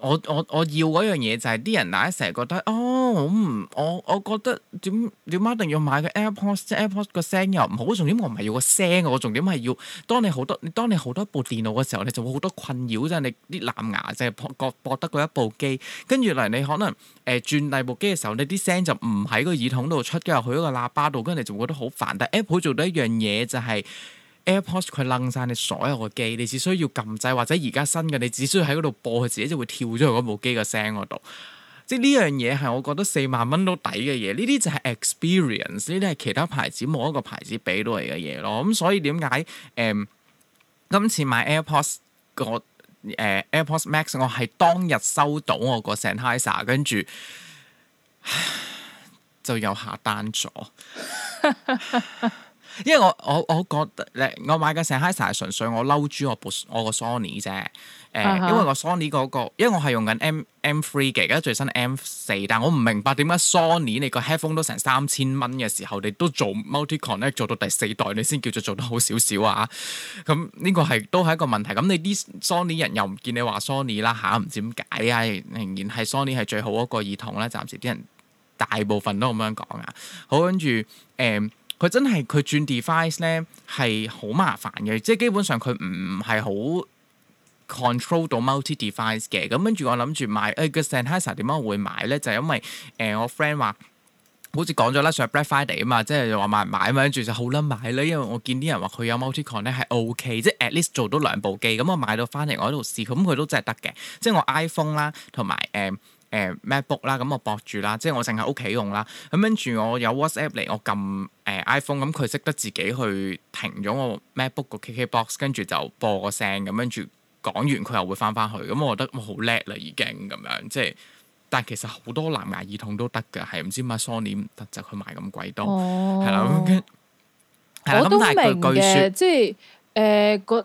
我我我要嗰樣嘢就係啲人大家成日覺得哦，我唔我我覺得點點解一定要買個 AirPods？AirPods 個聲又唔好，重點我唔係要個聲，我重點係要當你好多，當你好多部電腦嘅時候，你就會好多困擾啫。你啲藍牙就係駁駁得佢一部機，跟住嚟你可能誒、呃、轉第二部機嘅時候，你啲聲就唔喺個耳筒度出，跟住去咗個喇叭度，跟住你就會覺得好煩。但 Apple 做到一樣嘢就係、是。AirPods 佢楞晒你所有個機，你只需要撳掣，或者而家新嘅，你只需要喺嗰度播，佢自己就會跳咗嚟部機個聲嗰度。即係呢樣嘢係我覺得四萬蚊都抵嘅嘢。呢啲就係 experience，呢啲係其他牌子冇一個牌子俾到你嘅嘢咯。咁、嗯、所以點解？誒、呃，今次買 AirPods 個誒、呃、AirPods Max，我係當日收到我個 Sennheiser，跟住就又下單咗。 因為我我我覺得咧，我買嘅成 headset 係純粹我嬲住我我個 Sony 啫，誒、呃，uh huh. 因為我 Sony 嗰、那個，因為我係用緊 M M 三嘅，而家最新 M 四，但我唔明白點解 Sony 你個 headphone 都成三千蚊嘅時候，你都做 multi connect 做到第四代，你先叫做做得好少少啊？咁、這、呢個係都係一個問題。咁、啊、你啲 Sony 人又唔見你話 Sony 啦、啊、嚇，唔知點解啊？仍然係 Sony 係最好一個耳筒咧，暫、啊、時啲人大部分都咁樣講啊。好跟住誒。呃佢真係佢轉 device 咧係好麻煩嘅，即係基本上佢唔係好 control 到 multi device 嘅。咁跟住我諗住買，誒個 Sennheiser 點解會買咧？就係、因為誒、呃、我 friend 話好似講咗啦，上 Black Friday 啊嘛，即係話買唔買啊嘛，跟住就好撚買啦。因為我見啲人話佢有 multi con 咧係 O、OK, K，即係 at least 做到兩部機。咁我買到翻嚟我喺度試佢，咁佢都真係得嘅。即係我 iPhone 啦，同埋誒。呃誒、欸、MacBook 啦、嗯，咁我駁住啦，即係我淨係屋企用啦。咁跟住我有 WhatsApp 嚟，我撳誒、呃、iPhone，咁佢識得自己去停咗我 MacBook 個 KKBox，跟住就播個聲咁。跟住講完佢又會返返去。咁、嗯、我覺得我好叻啦，已經咁樣。即係，但其實好多藍牙耳筒都得㗎，係唔知 ony，買 Sony 得就佢賣咁貴多，係啦。我都明嘅、嗯，即係誒、呃、個。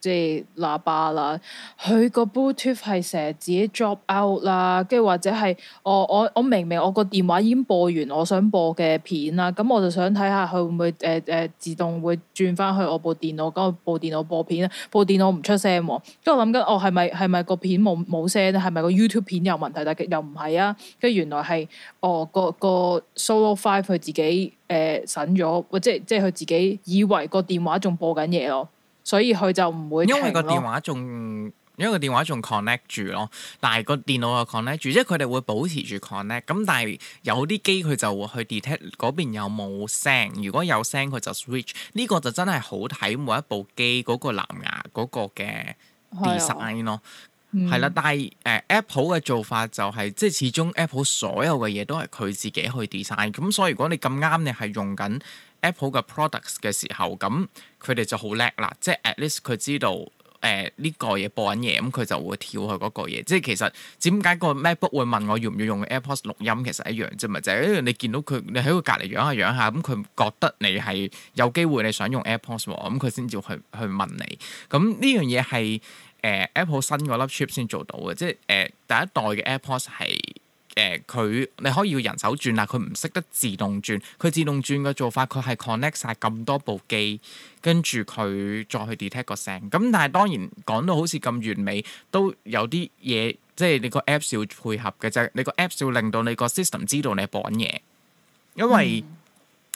即係喇叭啦，佢個 Bluetooth 係成日自己 drop out 啦，跟住或者係、哦、我我我明明我個電話已經播完，我想播嘅片啦，咁我就想睇下佢會唔會誒誒、呃呃、自動會轉翻去我部電腦，咁部電腦播片咧，部電腦唔出聲喎、啊，跟住我諗緊，哦係咪係咪個片冇冇聲咧、啊？係咪個 YouTube 片有問題？但又唔係啊，跟住原來係哦，個個 Solo Five 佢自己誒審咗，或、呃、者即係佢自己以為個電話仲播緊嘢咯。所以佢就唔會因為個電話仲，因為個電話仲 connect 住咯。但係個電腦又 connect 住，即係佢哋會保持住 connect。咁但係有啲機佢就會去 detect 嗰邊有冇聲，如果有聲佢就 switch。呢個就真係好睇每一部機嗰個藍牙嗰個嘅 design 咯。係啦， 但係、呃、Apple 嘅做法就係、是、即係始終 Apple 所有嘅嘢都係佢自己去 design。咁所以如果你咁啱你係用緊。Apple 嘅 products 嘅時候，咁佢哋就好叻啦，即係 at least 佢知道誒呢、呃這個嘢播緊嘢，咁、嗯、佢就會跳去嗰個嘢。即係其實點解個 MacBook 會問我要唔要用 AirPods 錄音，其實一樣啫嘛，就係、因為、你見到佢你喺佢隔離望下望下，咁、嗯、佢覺得你係有機會你想用 AirPods 喎，咁佢先至去去問你。咁、嗯、呢樣嘢係誒 Apple 新嗰粒 chip 先做到嘅，即係誒第一代嘅 AirPods 係。誒佢、呃、你可以要人手轉但佢唔識得自動轉，佢自動轉嘅做法佢係 connect 晒咁多部機，跟住佢再去 detect 個聲。咁但係當然講到好似咁完美，都有啲嘢，即係你個 apps 要配合嘅，就係、是、你個 apps 要令到你個 system 知道你係播緊嘢，因為，嗯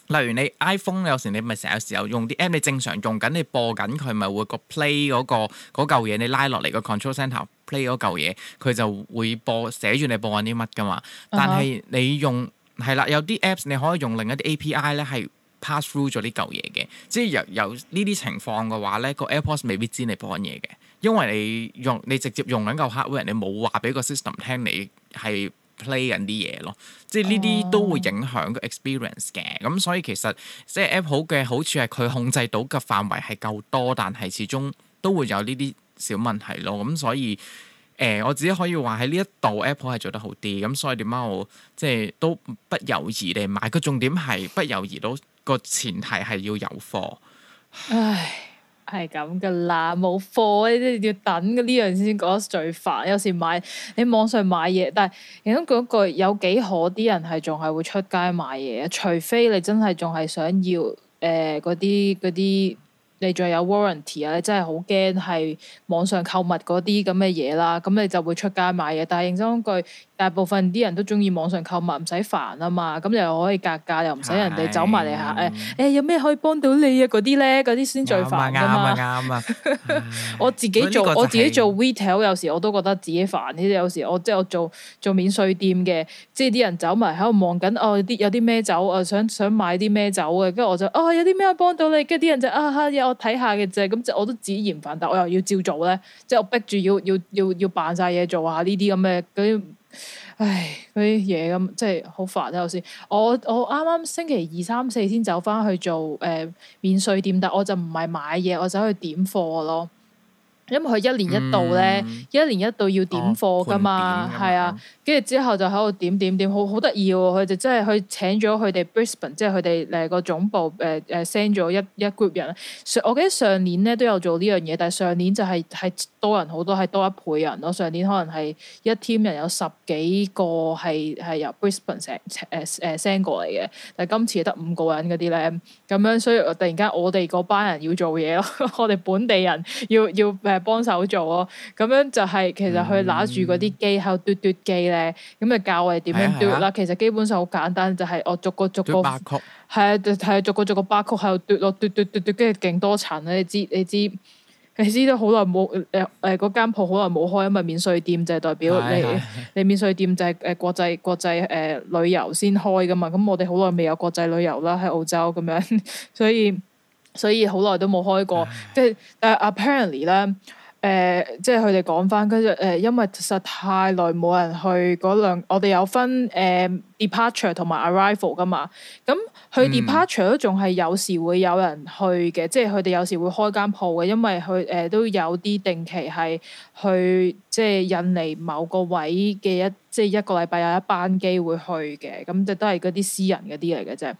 例如你 iPhone，你有時你咪成有時候用啲 app，你正常用緊，你播緊佢咪會個 play 嗰個嗰嚿嘢，你拉落嚟個 control center play 嗰嚿嘢，佢就會播就會寫住你播緊啲乜㗎嘛。但係你用係、uh huh. 啦，有啲 apps 你可以用另一啲 API 咧，係 pass through 咗啲嚿嘢嘅。即係有有呢啲情況嘅話咧，個 AirPods 未必知你播緊嘢嘅，因為你用你直接用緊嚿 hardware 你冇話俾個 system 聽，你係。Play 緊啲嘢咯，即係呢啲都會影響個 experience 嘅，咁、嗯嗯、所以其實即係 Apple 嘅好處係佢控制到嘅範圍係夠多，但係始終都會有呢啲小問題咯，咁、嗯、所以誒、呃，我自己可以話喺呢一度 Apple 係做得好啲，咁、嗯、所以點解我即係都不猶豫地買？個重點係不猶豫到個前提係要有貨。唉。係咁噶啦，冇貨咧都要等嘅，呢樣先先覺得最煩。有時買，你網上買嘢，但係認真講句，有幾可啲人係仲係會出街買嘢，除非你真係仲係想要誒嗰啲嗰啲，你仲有 warranty 啊，你真係好驚係網上購物嗰啲咁嘅嘢啦。咁你就會出街買嘢，但係認真講句。大部分啲人都中意網上購物，唔使煩啊嘛，咁又可以格價，又唔使人哋走埋嚟下誒誒，有咩可以幫到你啊？嗰啲咧，嗰啲先最煩噶嘛。啱啱啊！嗯、 我自己做、就是、我自己做 retail 有時我都覺得自己煩。有時我即係我做做，做免稅店嘅，即係啲人走埋喺度望緊，哦啲有啲咩酒啊，想想買啲咩酒嘅，跟住我就哦有啲咩幫到你，跟住啲人就啊有我睇下嘅啫。咁我都自己嫌煩，但我又要照做咧，即係我逼住要要要要，要辦晒嘢做下呢啲咁嘅啲。唉，嗰啲嘢咁，即係好煩啦！有時我我啱啱星期二、三四先走翻去做誒、呃、免稅店，但我就唔係買嘢，我走去點貨咯。因為佢一年一度咧，嗯、一年一度要點貨噶嘛，係、哦、啊，跟住之後就喺度點點點，好好得意喎！佢就真係去請咗佢哋 Brisbane，即係佢哋誒個總部誒誒 send 咗一一 group 人。我記得上年咧都有做呢樣嘢，但係上年就係、係、係多人好多，係多一倍人咯。上年可能係一 team 人有十幾個係係由 Brisbane send 誒 send 過嚟嘅，但係今次得五個人嗰啲咧，咁樣所以突然間我哋嗰班人要做嘢咯， 我哋本地人要要。要呃係幫手做咯，咁樣就係其實佢拿住嗰啲機喺度嘟嘟機咧，咁啊教我哋點樣嘟啦。的其實基本上好簡單，就係、是、我逐個逐個係啊，係啊，逐個八逐個扒曲喺度嘟咯，嘟嘟嘟嘟跟住勁多層啊！你知你知你知都好耐冇誒誒，嗰間鋪好耐冇開啊，咪免稅店就係代表你是的是的你免稅店就係誒國際國際誒、呃、旅遊先開噶嘛。咁我哋好耐未有國際旅遊啦，喺澳洲咁樣，所以。所以所以好耐都冇開過。唉 即、呃，即係 apparently 咧，誒即係佢哋講返，跟住誒因為實太耐冇人去，嗰兩我哋有分誒。呃 Departure 同埋 arrival 噶嘛，咁佢 departure 都仲係有時會有人去嘅，嗯、即係佢哋有時會開間鋪嘅，因為佢誒、呃、都有啲定期係去即係印尼某個位嘅一即係一個禮拜有一班機會去嘅，咁就都係嗰啲私人嗰啲嚟嘅啫。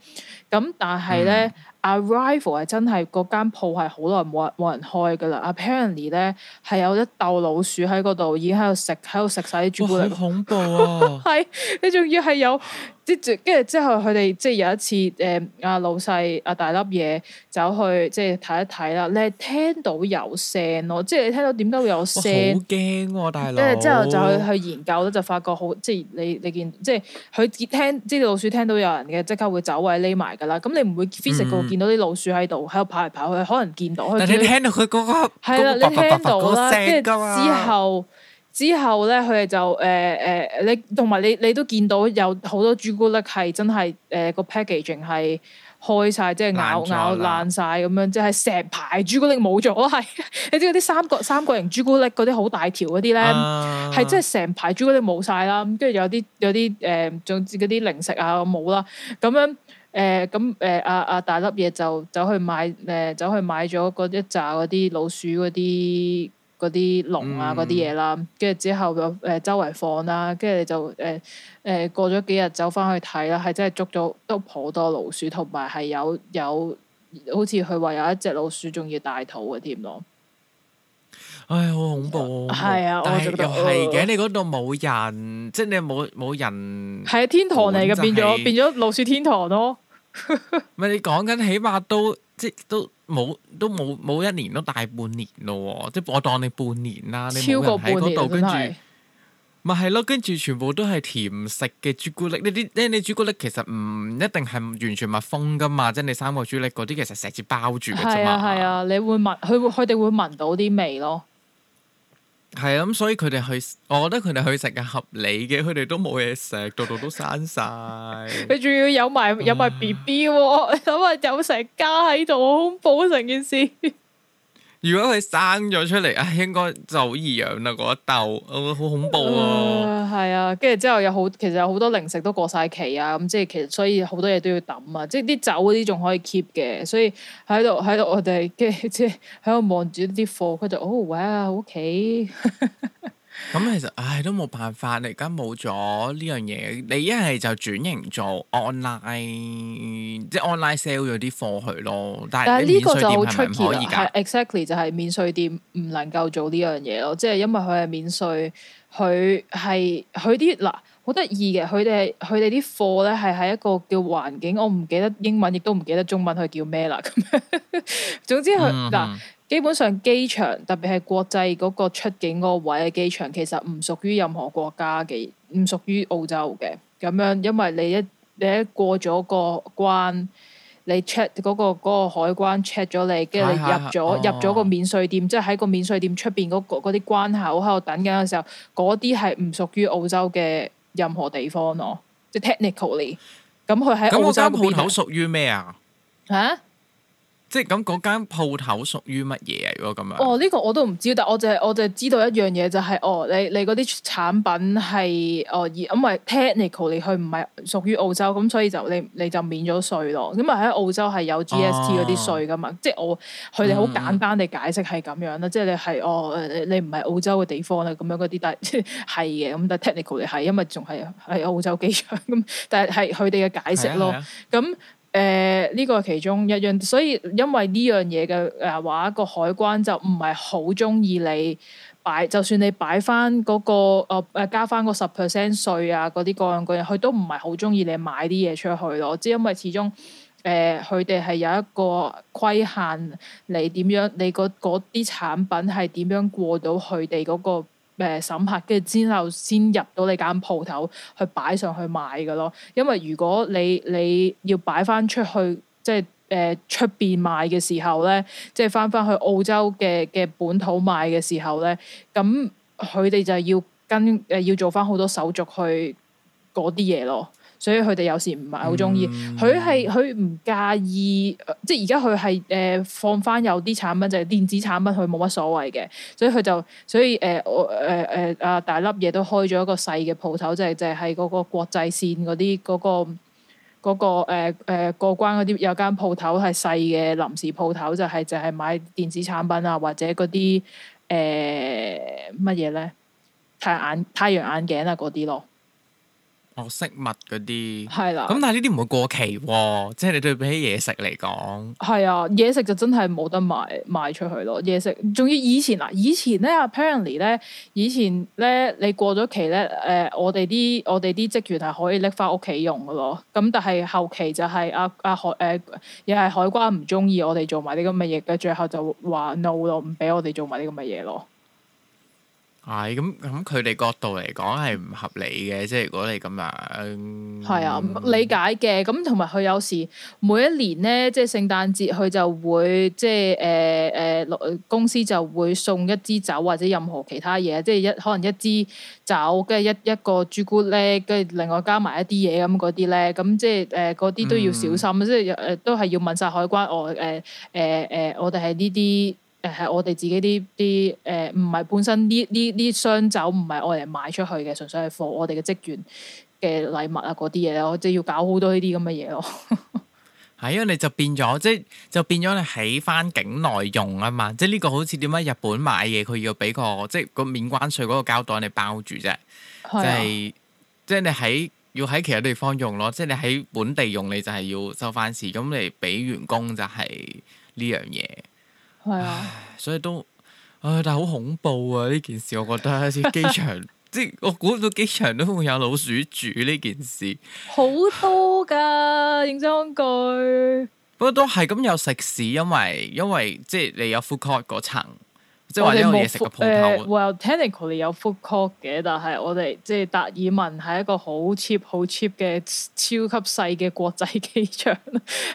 咁但係咧、嗯、arrival 係真係嗰間鋪係好耐冇冇人開㗎啦。嗯、Apparently 咧係有一竇老鼠喺嗰度，已經喺度食喺度食晒啲朱古力，好恐怖啊！ 係你仲要係有。即住，跟住之後，佢哋即係有一次，誒，阿老細阿大粒嘢走去即係睇一睇啦。你係聽到有聲咯，即係你聽到點解會有聲？好驚喎大佬！跟住之後就去去研究啦，就發覺好即係你你見即係佢聽即啲老鼠聽到有人嘅，即刻會走位匿埋噶啦。咁你唔會 face 過見到啲老鼠喺度喺度跑嚟跑去，可能見到。但你聽到佢嗰粒？係啦，你聽到啦，之後。之後咧，佢哋就誒誒、呃，你同埋你你都見到有好多朱古力係真係誒個 packaging 係開晒，即係咬咬爛晒咁樣，即係成排朱古力冇咗係。你知嗰啲三角三角形朱古力嗰啲好大條嗰啲咧，係真係成排朱古力冇晒啦。咁跟住有啲有啲誒，總之啲零食啊冇啦。咁樣誒咁誒阿阿大粒嘢就走去買誒，走去買咗嗰一紮嗰啲老鼠嗰啲。嗰啲籠啊，嗰啲嘢啦，跟住之後又誒、呃、周圍放啦，跟住你就誒誒、呃呃、過咗幾日走翻去睇啦，係真係捉咗都好多老鼠，同埋係有有，有好似佢話有一隻老鼠仲要大肚嘅添咯。唉、哎，好恐怖！係啊，我覺得又係嘅。啊、你嗰度冇人，即係你冇冇人，係、啊、天堂嚟嘅、就是，變咗變咗老鼠天堂咯。咪你講緊起碼都。即都冇，都冇冇一年都大半年咯喎、哦！即我當你半年啦，你超過半年，跟住咪係咯，跟住真是、就是、全部都係甜食嘅朱古力。呢啲咧，你朱古力其實唔一定係完全密封噶嘛，即你三個朱古力嗰啲其實錫紙包住嘅啫嘛。係啊，係啊，你會聞佢，佢哋會聞到啲味咯。係啊，咁所以佢哋去，我覺得佢哋去食嘅合理嘅，佢哋都冇嘢食，度度都閂晒。你仲 要有埋有埋 B B 喎、哦，你諗下有成家喺度，好恐怖成件事。 如果佢生咗出嚟啊，哎，應該就異樣好易養啦，嗰一竇，好恐怖啊！係、呃、啊，跟住之後有好，其實有好多零食都過晒期啊，咁、嗯、即係其實所以好多嘢都要抌啊，即係啲酒嗰啲仲可以 keep 嘅，所以喺度喺度我哋跟住即係喺度望住啲貨，佢就：哦「哦哇屋企！OK,」 咁其實唉，都冇辦法，你而家冇咗呢樣嘢，你一係就轉型做 online，即係 online sale 咗啲貨去咯。但係呢個就好出奇，係 exactly 就係免稅店唔能夠做呢樣嘢咯，即係因為佢係免稅，佢係佢啲嗱好得意嘅，佢哋佢哋啲貨咧係喺一個叫環境，我唔記得英文亦都唔記得中文，佢叫咩啦？咁總之佢嗱。嗯基本上機場特別係國際嗰個出境嗰個位嘅機場，其實唔屬於任何國家嘅，唔屬於澳洲嘅。咁樣，因為你一你一過咗個關，你 check 嗰個，嗰個海關 check 咗你，跟住你入咗入咗個免稅店，即係喺個免稅店出邊嗰啲關口喺度等緊嘅時候，嗰啲係唔屬於澳洲嘅任何地方咯。即係 technically，咁佢喺澳洲門口屬於咩啊？吓、啊？即係咁，嗰間鋪頭屬於乜嘢？如果咁啊、哦，這個就是？哦，呢個我都唔知，但係我就我就知道一樣嘢，就係哦，你你嗰啲產品係哦，而因為 technical 你去唔係屬於澳洲，咁所以就你你就免咗稅咯。咁啊喺澳洲係有 GST 嗰啲稅噶嘛？哦、即係我佢哋好簡單地解釋係咁樣啦。嗯、即係你係哦，你唔係澳洲嘅地方啦，咁樣嗰啲，但係係嘅。咁 但係 technical 你係，因為仲係係澳洲機場咁，但係係佢哋嘅解釋咯。咁。誒呢、呃，這個係其中一樣，所以因為呢樣嘢嘅，誒話個海關就唔係好中意你擺，就算你擺翻嗰個哦、呃、加翻個十 percent 稅啊嗰啲各樣各樣，佢都唔係好中意你買啲嘢出去咯。我知因為始終誒佢哋係有一個規限你，你點樣你嗰啲產品係點樣過到佢哋嗰個。誒、呃、審核，跟住之後先入到你間鋪頭去擺上去賣㗎咯。因為如果你你要擺翻出去，即係誒出邊賣嘅時候咧，即係翻翻去澳洲嘅嘅本土賣嘅時候咧，咁佢哋就要跟誒、呃、要做翻好多手續去嗰啲嘢咯。所以佢哋有時唔係好中意，佢係佢唔介意，即係而家佢係誒放翻有啲產品就係電子產品，佢冇乜所謂嘅，所以佢就所以誒誒誒啊大粒嘢都開咗一個細嘅鋪頭，就係就係嗰個國際線嗰啲嗰個嗰個誒誒過關嗰啲有間鋪頭係細嘅臨時鋪頭，就係就係買電子產品啊或者嗰啲誒乜嘢咧太眼太陽眼鏡啊嗰啲咯。哦，飾物嗰啲係啦，咁的但係呢啲唔會過期，即係你對比起嘢食嚟講，係啊，嘢食就真係冇得賣賣出去咯。嘢食仲要以前啊，以前咧，apparently 咧，以前咧，你過咗期咧，誒、呃，我哋啲我哋啲職員係可以拎翻屋企用噶咯。咁但係後期就係啊，阿海誒，又係海關唔中意我哋做埋啲個咁嘅嘢，嘅最後就話 no 咯，唔俾我哋做埋啲個咁嘅嘢咯。係咁咁，佢哋、哎嗯、角度嚟講係唔合理嘅，即係如果你咁樣，係、嗯、啊理解嘅。咁同埋佢有時每一年咧，即係聖誕節，佢就會即係誒誒，公司就會送一支酒或者任何其他嘢，即係一可能一支酒，跟住一一個朱古力，跟住另外加埋一啲嘢咁，嗰啲咧。咁即係誒嗰啲都要小心，嗯、即係誒、呃、都係要問晒海關我誒誒誒，我哋係呢啲。呃呃呃呃誒係我哋自己啲啲誒，唔係本身呢呢呢箱酒唔係我哋買出去嘅，純粹係貨我哋嘅職員嘅禮物啊嗰啲嘢，我就要搞好多呢啲咁嘅嘢咯。係， 因為你就變咗，即係就變咗你喺翻境內用啊嘛，即係呢個好似點解日本買嘢佢要俾個即係個免關稅嗰個膠袋你包住啫、啊就係，即係即係你喺要喺其他地方用咯，即係你喺本地用你就係要收翻錢，咁嚟俾員工就係呢樣嘢。啊，所以都唉，但係好恐怖啊！呢件事，我覺得喺機場， 即係我估到機場都會有老鼠住呢件事，好多㗎，影相唉具，不過都係咁有食肆，因為因為即係你有 food court 嗰層。就我哋冇誒，Well technically 有 food court 嘅，但係我哋即係達爾文係一個好 cheap、好 cheap 嘅超級細嘅國際機場，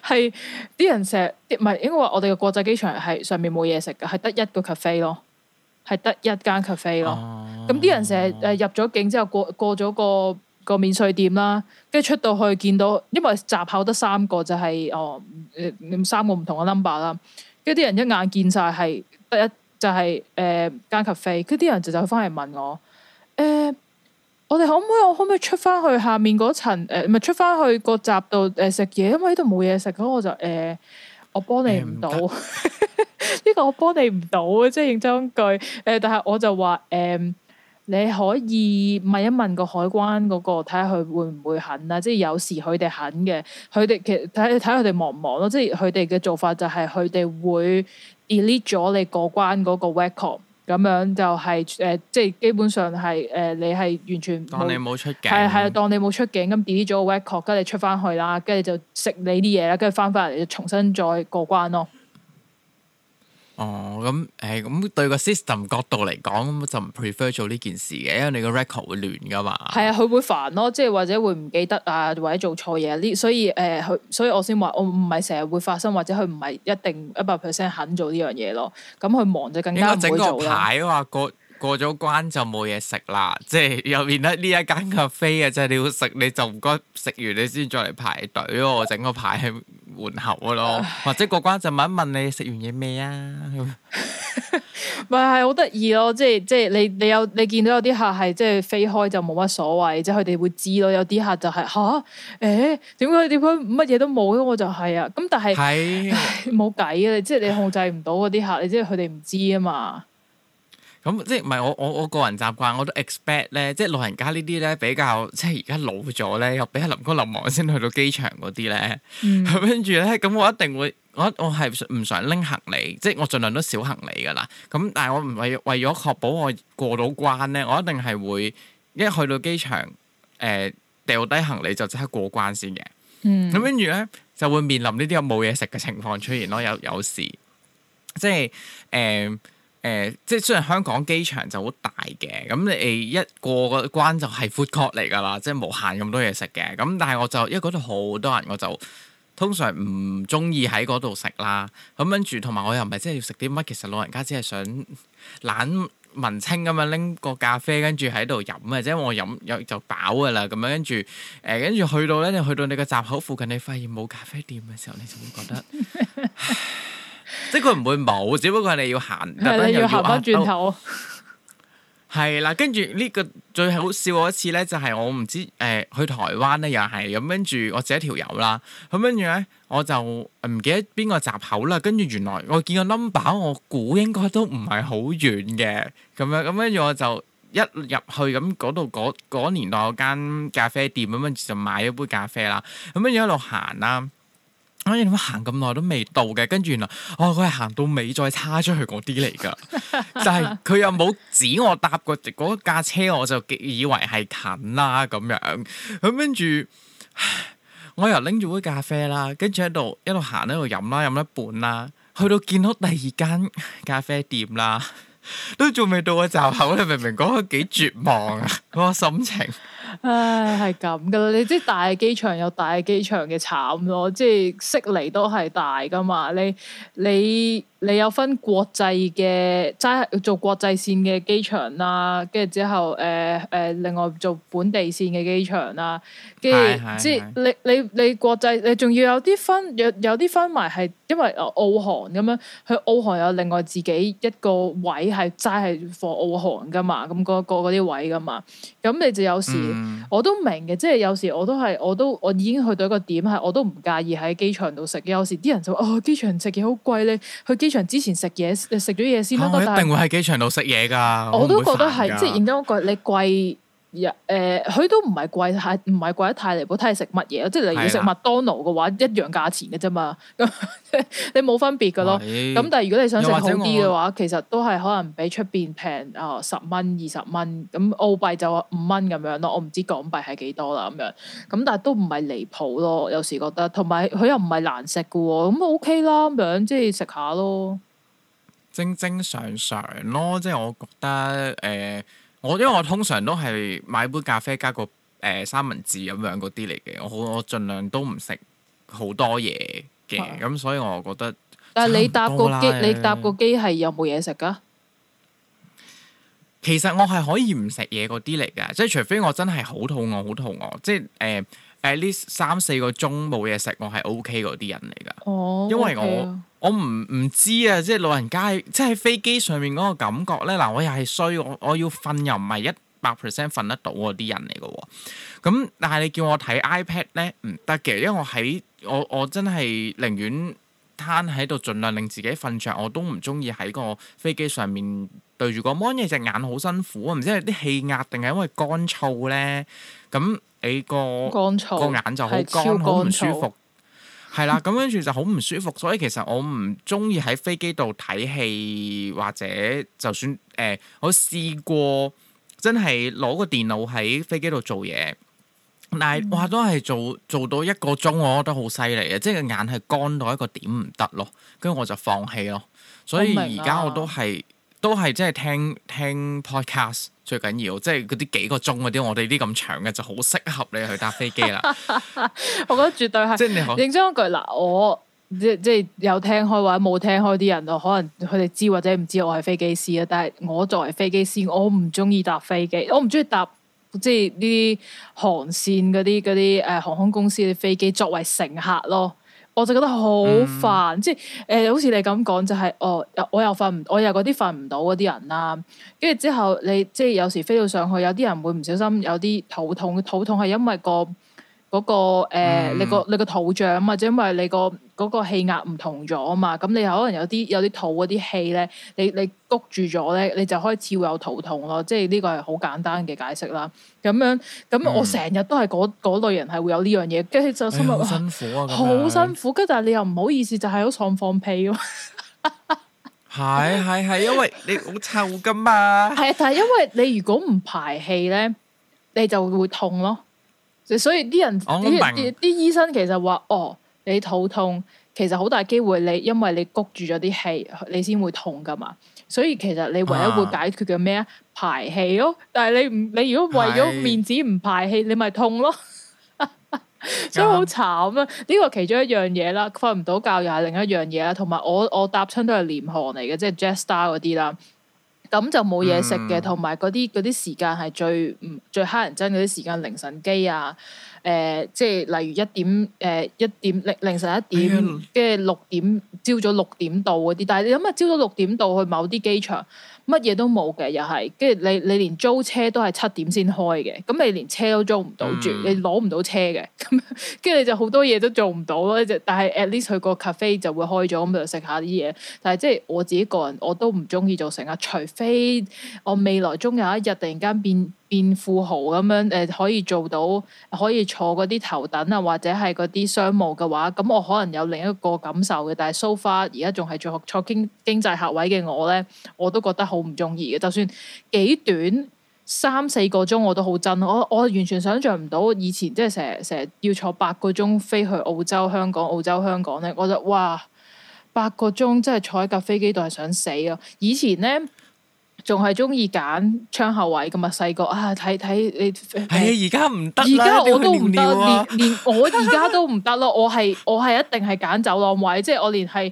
係 啲人成日唔係應該話我哋嘅國際機場係上面冇嘢食嘅，係得一個 cafe 咯，係得一間 cafe 咯。咁啲、哦、人成日誒入咗境之後過過咗個個免稅店啦，跟住出到去見到，因為閘口得三個，就係、是、哦三個唔同嘅 number 啦，跟住啲人一眼見晒，係得一。就係、是、誒、呃、間咖啡。佢啲人就走翻嚟問我誒、呃，我哋可唔可以我可唔可以出翻去下面嗰層唔係、呃、出翻去個閘度誒食嘢，因為呢度冇嘢食。咁我就誒、呃、我幫你唔到，呢、呃、 個我幫你唔到啊，即係認真一句誒、呃，但係我就話誒。呃你可以問一問個海關嗰個，睇下佢會唔會肯啊？即係有時佢哋肯嘅，佢哋其實睇下佢哋忙唔忙咯。即係佢哋嘅做法就係佢哋會 delete 咗你過關嗰個 record，咁樣就係誒，即係基本上係誒，你係完全當你冇出境，係係當你冇出境，咁 delete 咗個 record，跟住你出翻去啦，跟住就食你啲嘢啦，跟住翻返嚟就重新再過關咯。哦，咁誒，咁、欸、對個 system 角度嚟講，咁就唔 prefer 做呢件事嘅，因為你個 record 會亂噶嘛。係啊，佢會煩咯，即係或者會唔記得啊，或者做錯嘢啊，呢？所以誒，佢、呃、所以我先話，我唔係成日會發生，或者佢唔係一定一百 percent 肯做呢樣嘢咯。咁佢忙就更加唔會做啦。應該整個牌啊個。過咗關就冇嘢食啦，即係入面呢一間咖啡店，即係你要食你就唔該食完你先再嚟排隊咯，整個排喺門口嘅咯， 或者過關就問一問你食完嘢未啊？咪係好得意咯，即係即係你你有你見到有啲客係即係飛開就冇乜所謂，即係佢哋會知咯。有啲客就係、是、吓，誒點解點解乜嘢都冇？咁我就係啊，咁但係冇計啊，即係你控制唔到嗰啲客， 你即係佢哋唔知啊嘛。咁即係唔係我我我個人習慣我都 expect 咧，即係老人家呢啲咧比較即係而家老咗咧，又比較臨急臨忙先去到機場嗰啲咧。咁跟住咧，咁我一定會，我我係唔想拎行李，即係我儘量都少行李噶啦。咁但係我唔係為為咗確保我過到關咧，我一定係會一去到機場誒掉低行李就即刻過關先嘅。咁跟住咧就會面臨呢啲有冇嘢食嘅情況出現咯。有有時即係誒。呃誒、呃，即係雖然香港機場就好大嘅，咁你一過個關就係 food court 嚟㗎啦，即係無限咁多嘢食嘅，咁但係我就因為嗰度好多人，我就通常唔中意喺嗰度食啦。咁跟住，同埋我又唔係真係要食啲乜，其實老人家只係想懶文青咁樣拎個咖啡，跟住喺度飲啊，即係我飲有就飽㗎啦。咁樣跟住，誒、呃、跟住去到咧，你去到你個閘口附近，你發現冇咖啡店嘅時候，你就會覺得。 即係佢唔會冇，只不過係你要行特登又要轉頭，係啦。 跟住呢個最好笑嗰一次咧，就係我唔知誒去台灣咧，又係咁。跟住我自己條友啦，咁跟住咧，我就唔記得邊個閘口啦。跟住原來我見個 number，我估應該都唔係好遠嘅。咁樣咁跟住我就一入去咁，嗰度嗰年代有間咖啡店，咁跟住就買咗杯咖啡啦。咁跟住一路行啦。我哋點解行咁耐都未到嘅，跟住原來，哦，佢係行到尾再叉出去嗰啲嚟噶，就係佢又冇指我搭過，那個嗰架車，我就以為係近啦咁樣，咁跟住我又拎住杯咖啡啦，跟住喺度一路行一度飲啦，飲一半啦，去到見到第二間咖啡店啦，都仲未到個閘口，你明明講佢幾絕望啊，嗰、那個心情。唉，係咁噶啦，你知大機場有大機場嘅慘咯，即係悉尼都係大噶嘛。你你你有分國際嘅齋做國際線嘅機場啦、啊，跟住之後誒誒、呃呃，另外做本地線嘅機場啦、啊，跟住即係你你你國際你仲要有啲分，有有啲分埋係因為澳航咁樣，佢澳航有另外自己一個位係齋係放澳航噶嘛，咁、那、嗰個嗰啲位噶嘛，咁你就有時。嗯我都明嘅，即係有時我都係我都我已經去到一個點係我都唔介意喺機場度食嘅。有時啲人就話啊、哦，機場食嘢好貴咧，去機場之前食嘢食咗嘢先咯。啊、但係一定會喺機場度食嘢噶。我都覺得係，我即係認真講句，你貴。呀，佢、嗯呃、都唔係貴太，唔係貴得太離譜。睇你食乜嘢，即係例如食麥當勞嘅話，的一樣價錢嘅啫嘛。 你冇分別㗎咯。咁喂但係如果你想食好啲嘅話，其實都係可能比出邊平啊，十蚊二十蚊咁，澳幣就五蚊咁樣咯。我唔知港幣係幾多啦咁樣。咁但係都唔係離譜咯。有時覺得，同埋佢又唔係難食嘅喎，咁 OK 啦咁樣，即係食下咯。正正常常咯，即係我覺得誒。呃我因為我通常都係買杯咖啡加個誒、呃、三文治咁樣嗰啲嚟嘅，我我盡量都唔食好多嘢嘅，咁、啊嗯、所以我覺得。但係你搭個機，你搭個機係有冇嘢食噶？其實我係可以唔食嘢嗰啲嚟嘅，即係除非我真係好肚餓，好肚餓，即係誒 at least 三四個鐘冇嘢食，我係 O K 嗰啲人嚟噶。哦，因為我。Okay 啊我唔唔知啊，即係老人家，即係飛機上面嗰個感覺咧。嗱，我又係衰，我我要瞓又唔係一百 percent 瞓得到喎，啲人嚟嘅。咁但係你叫我睇 iPad 咧，唔得嘅，因為我喺我我真係寧願攤喺度，盡量令自己瞓着，我都唔中意喺個飛機上面對住個 mon 嘢隻眼好辛苦啊！唔知係啲氣壓定係因為乾燥咧？咁你個乾燥個眼就好乾好唔舒服。係啦，咁跟住就好唔舒服，所以其實我唔中意喺飛機度睇戲，或者就算誒、呃，我試過真係攞個電腦喺飛機度做嘢，但係、嗯、哇都係做做到一個鐘，我覺得好犀利啊！即係眼係乾到一個點唔得咯，跟住我就放棄咯。所以而家我都係。都係即係聽聽 podcast 最緊要，即係嗰啲幾個鐘嗰啲，我哋啲咁長嘅就好適合你去搭飛機啦。 我覺得絕對係。認真一句嗱，我即即係有聽開或者冇聽開啲人就可能佢哋知或者唔知我係飛機師啊。但係我作為飛機師，我唔中意搭飛機，我唔中意搭即係呢啲航綫嗰啲啲誒航空公司啲飛機作為乘客咯。我就覺得好煩、嗯即，即係誒，好似你咁講，就係、是、哦，我又瞓唔，我又嗰啲瞓唔到嗰啲人啦、啊，跟住之後你即係有時飛到上去，有啲人會唔小心，有啲肚痛，肚痛係因為個。嗰、那個、呃嗯、你個你個肚脹啊嘛，即係因為你個嗰、那個氣壓唔同咗啊嘛，咁你可能有啲有啲肚嗰啲氣咧，你你谷住咗咧，你就開始會有肚痛咯，即係呢個係好簡單嘅解釋啦。咁樣咁我成日都係嗰、嗯、類人係會有呢樣嘢，跟住就辛苦話、啊、好辛苦，跟但係你又唔好意思，就喺好喪放屁喎、啊。 係係係，因為你好臭噶嘛。係啊，但係因為你如果唔排氣咧，你就會痛咯。所以啲人啲啲平醫生其實話，哦，你肚痛，其實好大機會你因為你谷住咗啲氣，你先會痛㗎嘛。所以其實你唯一會解決嘅咩啊，排氣咯。但係你唔你如果為咗面子唔排氣，是你咪痛咯。 所以好慘啊！呢、個其中一樣嘢、就是、啦，瞓唔到覺又係另一樣嘢啦。同埋我我搭親都係廉航嚟嘅，即係 Jet Star 嗰啲啦。咁就冇嘢食嘅，同埋嗰啲啲時間係最唔最乞人憎嗰啲時間，凌晨機啊，誒、呃，即係例如一點，誒、呃、一點零凌晨一點，跟住六點朝早六點到嗰啲，但係你諗下朝早六點到去某啲機場。乜嘢都冇嘅，又係，跟住你你連租車都係七點先開嘅，咁你連車都租唔到住，嗯、你攞唔到車嘅，咁，跟住你就好多嘢都做唔到咯。就但係 at least 去個 cafe 就會開咗，咁就食下啲嘢。但係即係我自己個人我都唔中意做成啊，除非我未來終有一日突然間變。變富豪咁樣誒、呃，可以做到可以坐嗰啲頭等啊，或者係嗰啲商務嘅話，咁我可能有另一個感受嘅。但係，so far 而家仲係在最學坐經經濟客位嘅我咧，我都覺得好唔中意嘅。就算幾短三四個鐘，我都好憎。我我完全想像唔到以前即係成日成日要坐八個鐘飛去澳洲、香港、澳洲、香港咧，我就哇八個鐘即係坐喺架飛機度係想死啊！以前咧。仲係中意揀窗口位噶嘛？細個啊，睇睇你係啊！而家唔得而家我都唔得、啊，連連我而家都唔得咯。我係我係一定係揀走廊位，即係我連係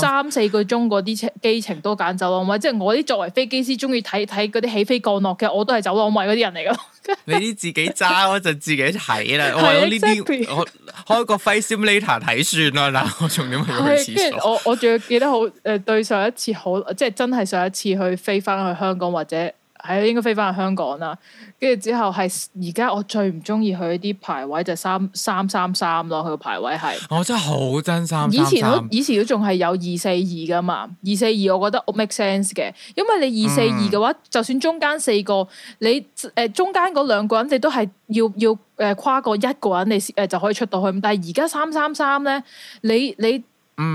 三四個鐘嗰啲程機程都揀走廊位。即係我啲作為飛機師，中意睇睇嗰啲起飛降落嘅，我都係走廊位嗰啲人嚟噶。 你啲自己揸，我就自己睇啦。 的我呢啲 我開個 flight simulator 睇算啦。嗱，我仲點去咁嘅廁所。我我仲要記得好誒，對上一次好，即係真係上一次去飛翻。去香港或者係應該飛翻去香港啦，跟住之後係而家我最唔中意佢啲排位就三三三三咯，佢個排位係我真係好憎三三三。以前都以前都仲係有二四二㗎嘛，二四二我覺得我 make sense 嘅，因為你二四二嘅話，嗯、就算中間四個你誒、呃、中間嗰兩個人你都係要要誒跨過一個人你誒就可以出到去，但係而家三三三咧，你你。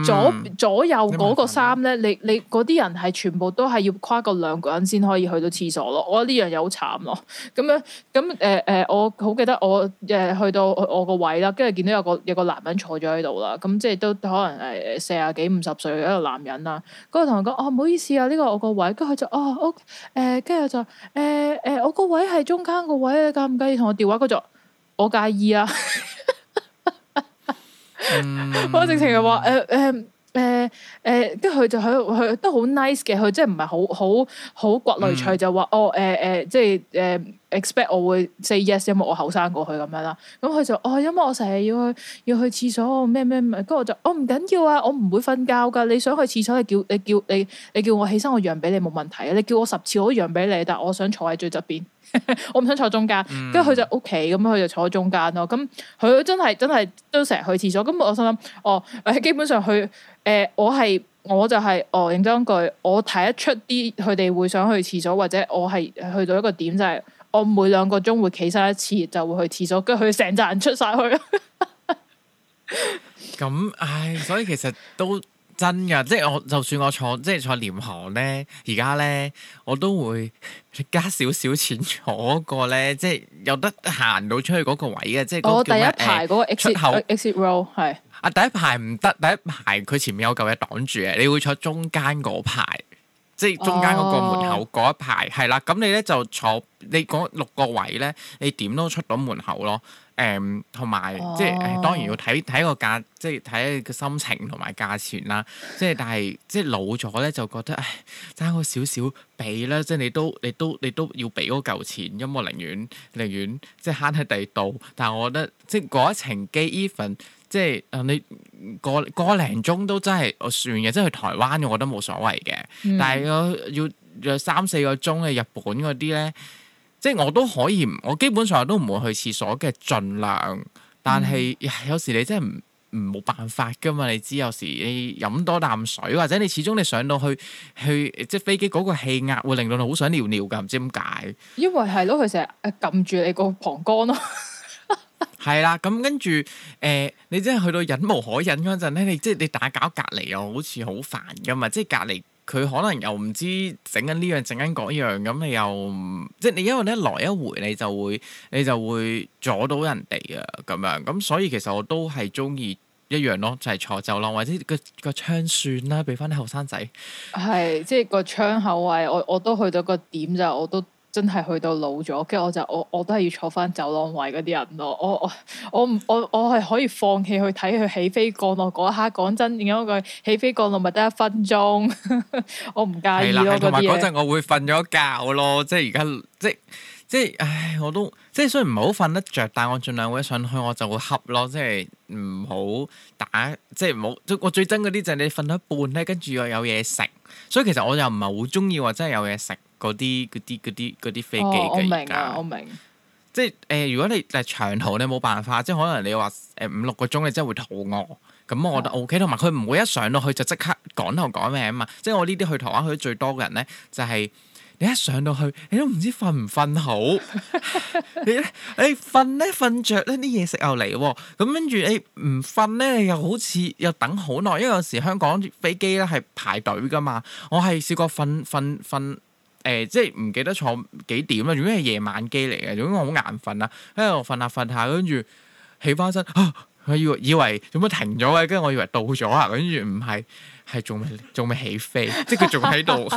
左、嗯、左右嗰個三咧，你你嗰啲人係全部都係要跨過兩個人先可以去到廁所咯。我覺得呢樣嘢好慘咯。咁樣咁誒誒，我好記得我誒、呃、去到我個位啦，跟住見到有個有個男人坐咗喺度啦。咁即係都可能誒四十幾五十歲嘅一個男人啦。嗰個同我講哦，唔好意思啊，呢個我個位。跟住佢就哦 O 誒，跟住就誒誒，我個、呃呃呃、位係中間個位啊，你介唔介意同我調位？佢就我介意啊。 我直情係話誒誒誒誒，跟住、呃、佢、呃呃呃呃、就喺度。」佢都好 nice 嘅，佢即係唔係好好好骨里脆，嗯、就話哦誒誒、呃呃，即係誒。呃 expect 我會 say yes，因為我後生過去咁樣啦，咁佢就哦，因為我成日要去要去廁所咩咩咩。跟住我就哦，唔緊要啊，我唔會瞓覺噶。你想去廁所，你叫你叫你你叫我起身，我讓俾你冇問題啊。你叫我十次我都讓俾你，但我想坐喺最側邊，我唔想坐中間。跟住佢就 OK，咁佢就坐喺中間咯。咁佢真係真係都成日去廁所。咁我心諗哦，基本上去誒，我係我就係哦，認真句，我睇得出啲佢哋會想去廁所，或者我係去到一個點就係。我每兩個鐘會企晒一次，就會去廁所，跟住佢成扎人出晒去。咁， 唉，所以其實都真噶，即係我就算我坐，即係坐廉航咧，而家咧，我都會加少少錢坐嗰個咧，即係有得行到出去嗰個位嘅。即係我第一排嗰個 exit exit row 係啊，第一排唔得口，第一排佢前面有嚿嘢擋住啊，你會坐中間嗰排。即係中間嗰個門口嗰、oh. 一排係啦，咁你咧就坐你嗰六個位咧，你點都出到門口咯。誒、嗯，同埋即係、oh. 當然要睇睇個價，即係睇你個心情同埋價錢啦。即係但係即係老咗咧，就覺得唉，爭嗰少少俾啦。即係你都你都你都，你都要俾嗰嚿錢，因為我寧願寧願即係慳喺第二度，但係我覺得即係嗰一程機依份。即係你過過零鐘都真係我算嘅，即係去台灣我覺得冇所謂嘅。嗯、但係個要約三四個鐘嘅日本嗰啲咧，即係我都可以，我基本上都唔會去廁所嘅，盡量。但係、嗯啊、有時你真係唔唔冇辦法噶嘛，你知有時你飲多啖水，或者你始終你上到去去即係飛機嗰個氣壓會令到你好想尿尿噶，唔知點解。因為係咯，佢成日撳住你個膀胱咯。係啦，咁跟住，誒、 呃，你真係去到忍無可忍嗰陣咧，你即係你打攪隔離又好似好煩噶嘛，即係隔離佢可能又唔知整緊呢樣整緊嗰樣，咁、嗯、你又即係你因為咧來一回你就會你就會阻到人哋啊，咁樣咁、嗯、所以其實我都係中意一樣咯，就係、是、坐走廊咯，或者個個窗算啦，俾翻啲後生仔。係， 即係個窗口位，我我都去到個點就我都。真係去到老咗，跟住我就我我都係要坐翻走廊位嗰啲人咯。我我我我我係可以放棄去睇佢起飛降落嗰一刻。講真，點解佢起飛降落咪得一分鐘， 我唔介意嗰同埋嗰陣我會瞓咗覺咯，即係而家即即係唉，我都即係雖然唔係好瞓得着，但係我儘量我一上去我就會恰咯，即係唔好打即係唔好。我最憎嗰啲就係你瞓咗一半咧，跟住又有嘢食，所以其實我又唔係好中意話真係有嘢食。嗰啲嗰啲嗰啲嗰啲飛機嘅、哦、我明。我明即係誒、呃，如果你誒長途你冇辦法，即係可能你話誒五六個鐘，你真係會肚餓。咁我覺得 O K，同埋佢唔會一上到去就即刻趕頭趕命啊嘛。即係我呢啲去台灣去得最多嘅人咧，就係、是、你一上到去，你都唔知瞓唔瞓好。 你誒瞓咧瞓着咧啲嘢食又嚟，咁跟住你唔瞓咧，你又好似又等好耐，因為有時香港飛機咧係排隊噶嘛。我係試過瞓瞓瞓。誒、呃，即係唔記得坐幾點啦，總之係夜晚機嚟嘅，總之我好眼瞓啦，跟住瞓下瞓下，跟住起翻身，啊，我以為以為做乜停咗啊，跟住我以為到咗啊，跟住唔係，係仲未仲未起飛，即係佢仲喺度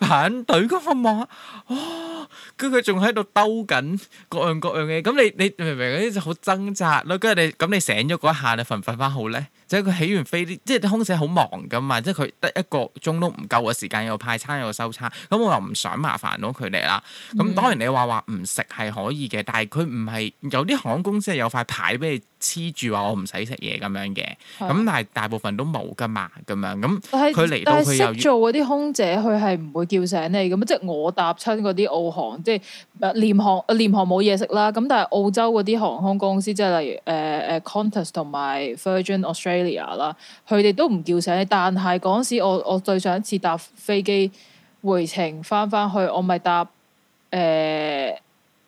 排緊隊嘅，我望下，哦，跟住佢仲喺度兜緊各樣各樣嘅，咁你你明唔明嗰啲就好掙扎咯，跟住你咁你醒咗嗰一下，你瞓唔瞓翻好咧？即係佢起完飛啲，即係空姐好忙噶嘛，即係佢得一個鐘都唔夠嘅時間，又派餐又收餐，咁我又唔想麻煩到佢哋啦。咁、嗯、當然你話話唔食係可以嘅，但係佢唔係有啲航空公司係有塊牌俾你黐住，話我唔使食嘢咁樣嘅。咁的但係大部分都冇噶嘛，咁樣咁佢嚟到佢又做嗰啲空姐，佢係唔會叫醒你，咁即係我搭親嗰啲澳航，即係、呃、廉航、呃、廉航冇嘢食啦。咁但係澳洲嗰啲航空公司，即係例如誒誒 Qantas 同埋 Virgin Australia。啦，佢哋都唔叫醒你。但係嗰時我我最上一次搭飛機回程翻翻去，我咪搭誒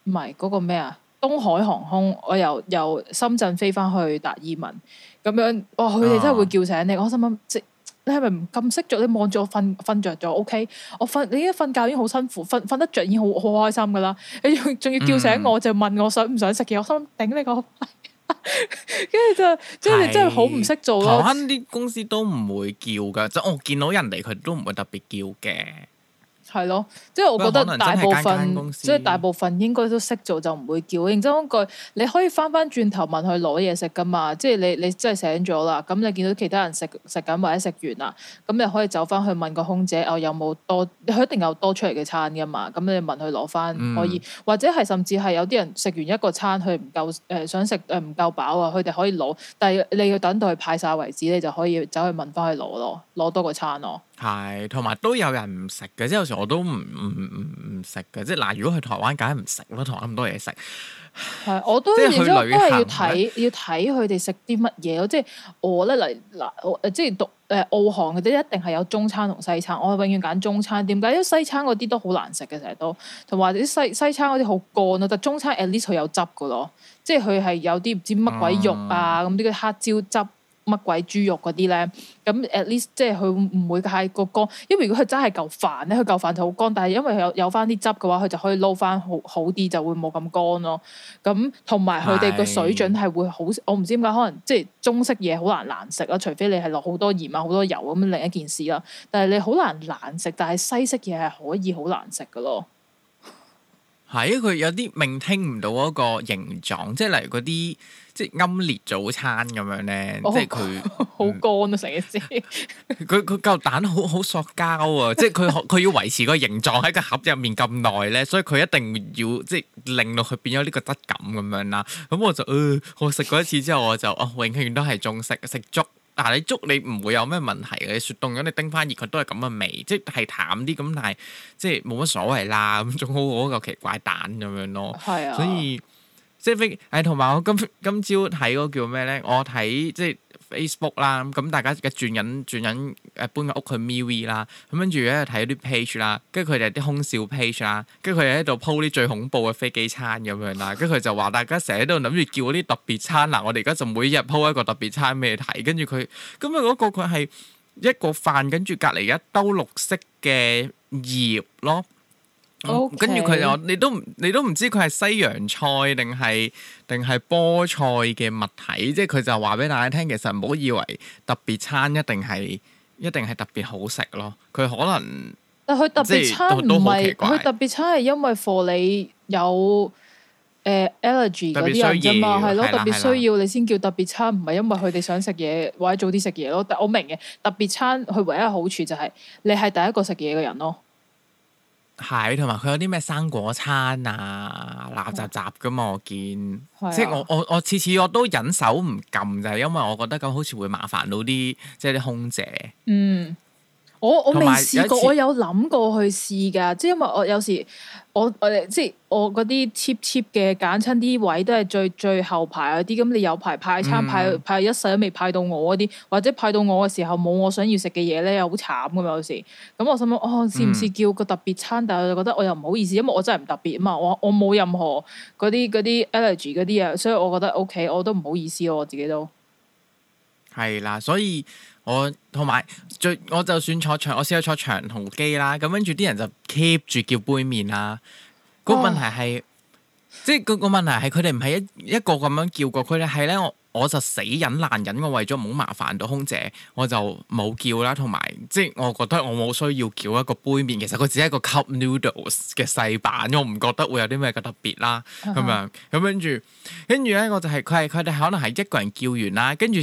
唔係嗰個咩啊？東海航空，我由由深圳飛翻去達爾文咁樣。哇！佢哋真係會叫醒你。啊、我心諗，即你係咪唔咁識着？你望住我瞓瞓着咗。O、OK? K，我瞓你一瞓覺已經好辛苦，瞓瞓得着已經好好開心噶啦。你仲要叫醒我就問我想唔想食嘢？嗯、我心諗，頂你、個。跟住 就是，即係是真係好唔識做咯。我啲公司都唔會叫噶，即係我見到人哋佢都唔會特別叫嘅。係咯，即係我覺得大部分，即係大部分應該都識做就唔會叫。認真講句，你可以翻翻轉頭問佢攞嘢食噶嘛。即係你你真係醒咗啦，咁你見到其他人食食緊或者食完啦，咁你可以走翻去問個空姐，哦，有冇多？佢一定有多出嚟嘅餐噶嘛。咁你問佢攞翻可以，嗯、或者係甚至係有啲人食完一個餐佢唔夠誒，想食誒唔夠飽啊，佢、呃、哋可以攞，但係你要等到佢派晒為止，你就可以走去問翻佢攞咯，攞多個餐咯。係，同埋都有人唔食嘅，即有時我都唔唔唔唔食嘅。即嗱，呃，如果去台灣梗係唔食咯，台灣咁多嘢食。係，我都即係去旅行。要睇要睇佢哋食啲乜嘢咯。即係我咧嚟嗱，即係讀誒澳航嗰啲一定係有中餐同西餐。我永遠揀中餐。點解？因為西餐嗰啲都好難食嘅成日都，同埋啲西西餐嗰啲好乾咯。但中餐 at least 佢有汁嘅咯，即係佢係有啲唔知乜鬼肉啊咁啲嘅黑椒汁。嗯乜鬼豬肉嗰啲咧？咁 at least 即係佢唔會太過乾，因為如果佢真係嚿飯咧，佢嚿飯就好乾。但係因為佢有有翻啲汁嘅話，佢就可以撈翻好好啲，就會冇咁乾咯。咁同埋佢哋個水準係會好，我唔知點解可能即係中式嘢好難難食啦，除非你係落好多鹽啊、好多油咁另一件事啦。但係你好難難食，但係西式嘢係可以好難食嘅咯。係佢有啲命聽唔到嗰個形狀，即係例如嗰啲。即係奄列早餐咁樣咧，即係佢好乾啊！食一次，佢佢嚿蛋好好塑膠啊！即係佢佢要維持嗰個形狀喺個盒入面咁耐咧，所以佢一定要即係令到佢變咗呢個質感咁樣啦。咁、嗯、我就，呃、我食過一次之後，我就，哦，永遠都係仲食食粥。但係你粥你唔會有咩問題嘅，你雪凍咗你叮翻熱，佢都係咁嘅味，即係淡啲咁，但係即係冇乜所謂啦。咁仲好好嚿奇怪蛋咁樣咯。所以。 所以即係誒，同、哎、埋我今今朝睇嗰個叫咩咧？我睇即係 Facebook 啦，咁大家而家轉緊轉緊搬緊屋去 Miri 啦，咁跟住咧睇啲 page 啦，跟住佢哋啲空少 page 啦，跟住佢哋喺度 po 啲最恐怖嘅飛機餐咁樣啦，跟住佢就話大家成日都諗住叫嗰啲特別餐啦，我哋而家就每日 po 一個特別餐俾你睇，跟住佢咁啊，嗰個佢係一個飯，跟住隔離一兜綠色嘅葉咯。跟住佢就，你都你都唔知佢係西洋菜定係定係菠菜嘅物體，即係佢就話俾大家聽，其實唔好以為特別餐一定係一定係特別好食咯，佢可能但佢特別餐唔係佢特別餐係因為貨你有誒 allergy 嗰啲人咋嘛係咯，特別需要你先叫特別餐，唔係因為佢哋想食嘢或者早啲食嘢咯，但我明嘅特別餐佢唯一嘅好處就係你係第一個食嘢嘅人咯。係，同埋佢有啲咩生果餐啊，垃雜雜噶嘛，我見， 即我我我,我次次我都忍手唔撳就係、是，因為我覺得咁好似會麻煩到啲即係啲空姐。嗯。我我未試過，有我有諗過去試㗎，即係因為我有時我我即係我嗰啲 cheap cheap 嘅揀親啲位都係最最後排嗰啲，咁你有排派餐派派、嗯、一世都未派到我嗰啲，或者派到我嘅時候冇我想要食嘅嘢咧，又好慘㗎嘛有時。咁我心諗哦，試唔試叫個特別餐？嗯、但係我就覺得我又唔好意思，因為我真係唔特別啊嘛，我我冇任何嗰啲嗰啲 allergy 嗰啲嘢，所以我覺得 OK，我都唔好意思囉我自己都。係啦，所以。所以我同埋最，我就算坐長，我先係坐長途機啦。咁跟住啲人就 keep 住叫杯麵啦。哦問個問題係，即係個個問題係佢哋唔係一一個咁樣叫過，佢哋係咧。我我就死忍爛忍我，我為咗唔好麻煩到空姐，我就冇叫啦。同埋即係我覺得我冇需要叫一個杯麵，其實佢只係一個 cup noodles 嘅細版，我唔覺得會有啲咩咁特別啦。咁樣咁跟住，跟住咧我就係佢係佢哋可能係一個人叫完啦，跟住。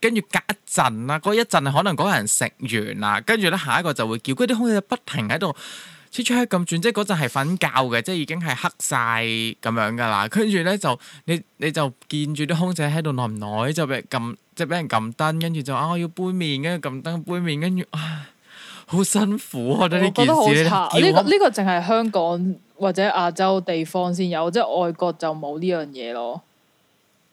跟住隔一陣啦，嗰一陣可能嗰人食完啦，跟住咧下一個就會叫，嗰啲空姐不停喺度出出喺咁轉，即係嗰陣係瞓覺嘅，即係已經係黑晒咁樣噶啦。跟住咧就你你就見住啲空姐喺度耐唔耐，就俾人撳，就俾人撳燈，跟住就啊我要杯麵，跟住撳燈杯麵，跟住啊好辛苦啊！我覺得呢件事呢、呢個呢、呢個淨係香港或者亞洲地方先有，即係外國就冇呢樣嘢咯。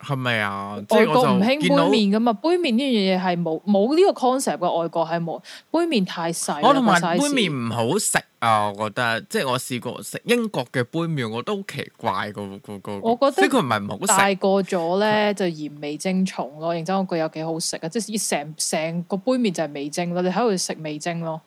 係咪啊外個？外國唔興杯麵噶嘛，杯麵呢樣嘢係冇冇呢個 concept 嘅。外國係冇杯麵太細，我同埋杯麵唔好食啊！我覺得，即係我試過食英國嘅杯麵，我都好奇怪個個、個個。個個、我覺得呢個唔係唔好食。大個咗咧，的就嫌味精重咯。認真嗰句有幾好食啊！即係成成個杯麵就係味精咯，你喺度食味精咯。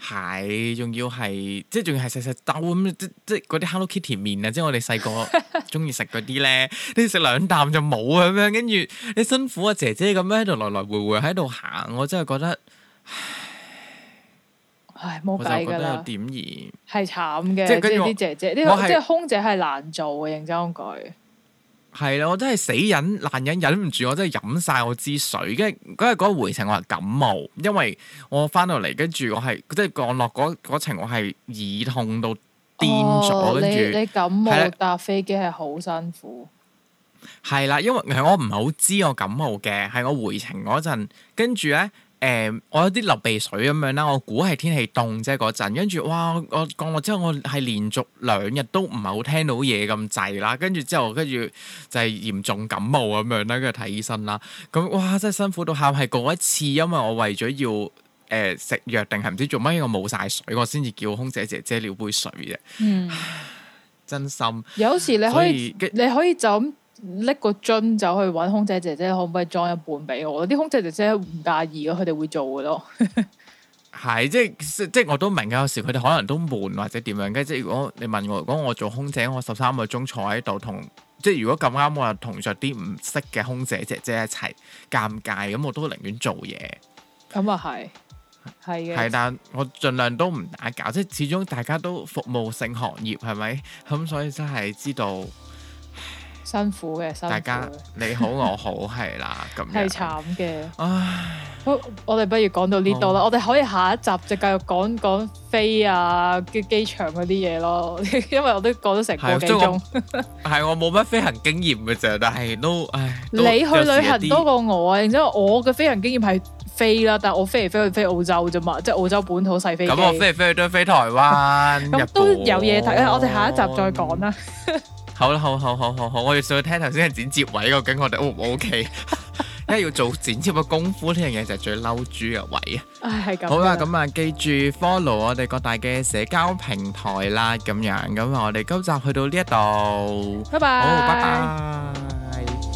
係，仲要係，即係仲要係細細兜咁，即即嗰啲 Hello Kitty 麵啊，即係我哋細個中意食嗰啲咧， 你食兩啖就冇咁樣，跟住你辛苦啊姐姐咁樣喺度來來回回喺度行，我真係覺得，唉，冇計噶啦，點而係慘嘅，即係啲姐姐呢個即係空姐係難做嘅，認真講句。係啦，我真係死忍難忍，忍唔住我真係飲晒我支水。跟住嗰日嗰回程我係感冒，因為我翻到嚟，跟住我係即係降落嗰程我係耳痛到癲咗。跟住、哦、跟住你，你感冒搭飛機係好辛苦。係啦，因為我唔係好知我感冒嘅，係我回程嗰陣跟住咧。誒、嗯，我有啲流鼻水咁樣啦，我估係天氣凍啫嗰陣，跟住哇，我降落之後，我係連續兩日都唔係好聽到嘢咁滯啦，跟住之後跟住就係嚴重感冒咁樣啦，跟住睇醫生啦，咁哇真係辛苦到喊，係嗰一次，因為為、呃，因為我為咗要誒食藥定係唔知做乜，我冇晒水，我先至叫空姐姐姐撩杯水啫。嗯，真心有時你可以，以你可以就。機拎個樽走去揾空姐姐姐，可唔可以裝一半俾我？啲空姐姐姐唔介意咯，啊，佢哋會做嘅咯 。係即係即係，我都明嘅。有時佢哋可能都悶或者點樣，即係如果你問我，如果我做空姐，我十三個鐘坐喺度同，即係如果咁啱我又同着啲唔識嘅空姐姐姐一齊尷尬，咁，嗯，我都寧願做嘢。咁啊係係係，但我盡量都唔打攪，即係始終大家都服務性行業，係咪？咁，嗯，所以真係知道。辛苦嘅，辛苦。大家你好，我好係啦，咁。係慘嘅，唉。好，我哋不如講到呢度啦。我哋可以下一集就繼續講講飛啊，跟機場嗰啲嘢咯。因為我都講咗成個幾鐘。係我冇乜飛行經驗嘅啫，但係都唉。你去旅行多過我啊，然之後我嘅飛行經驗係飛啦，但係我飛嚟飛去飛澳洲啫嘛，即係澳洲本土細飛機。咁我飛嚟飛去都飛台灣，咁都有嘢睇。我哋下一集再講啦。好啦，好好好好好，我哋上去聽頭先係剪接位，究竟我哋 O 唔 O K？因為要做剪接嘅功夫呢、哎、樣嘢就係最嬲豬嘅位啊！係咁。好啦，咁啊，記住 follow 我哋各大嘅社交平台啦，咁樣咁啊，我哋今集去到呢一度，拜拜 bye，好拜拜。Bye bye bye bye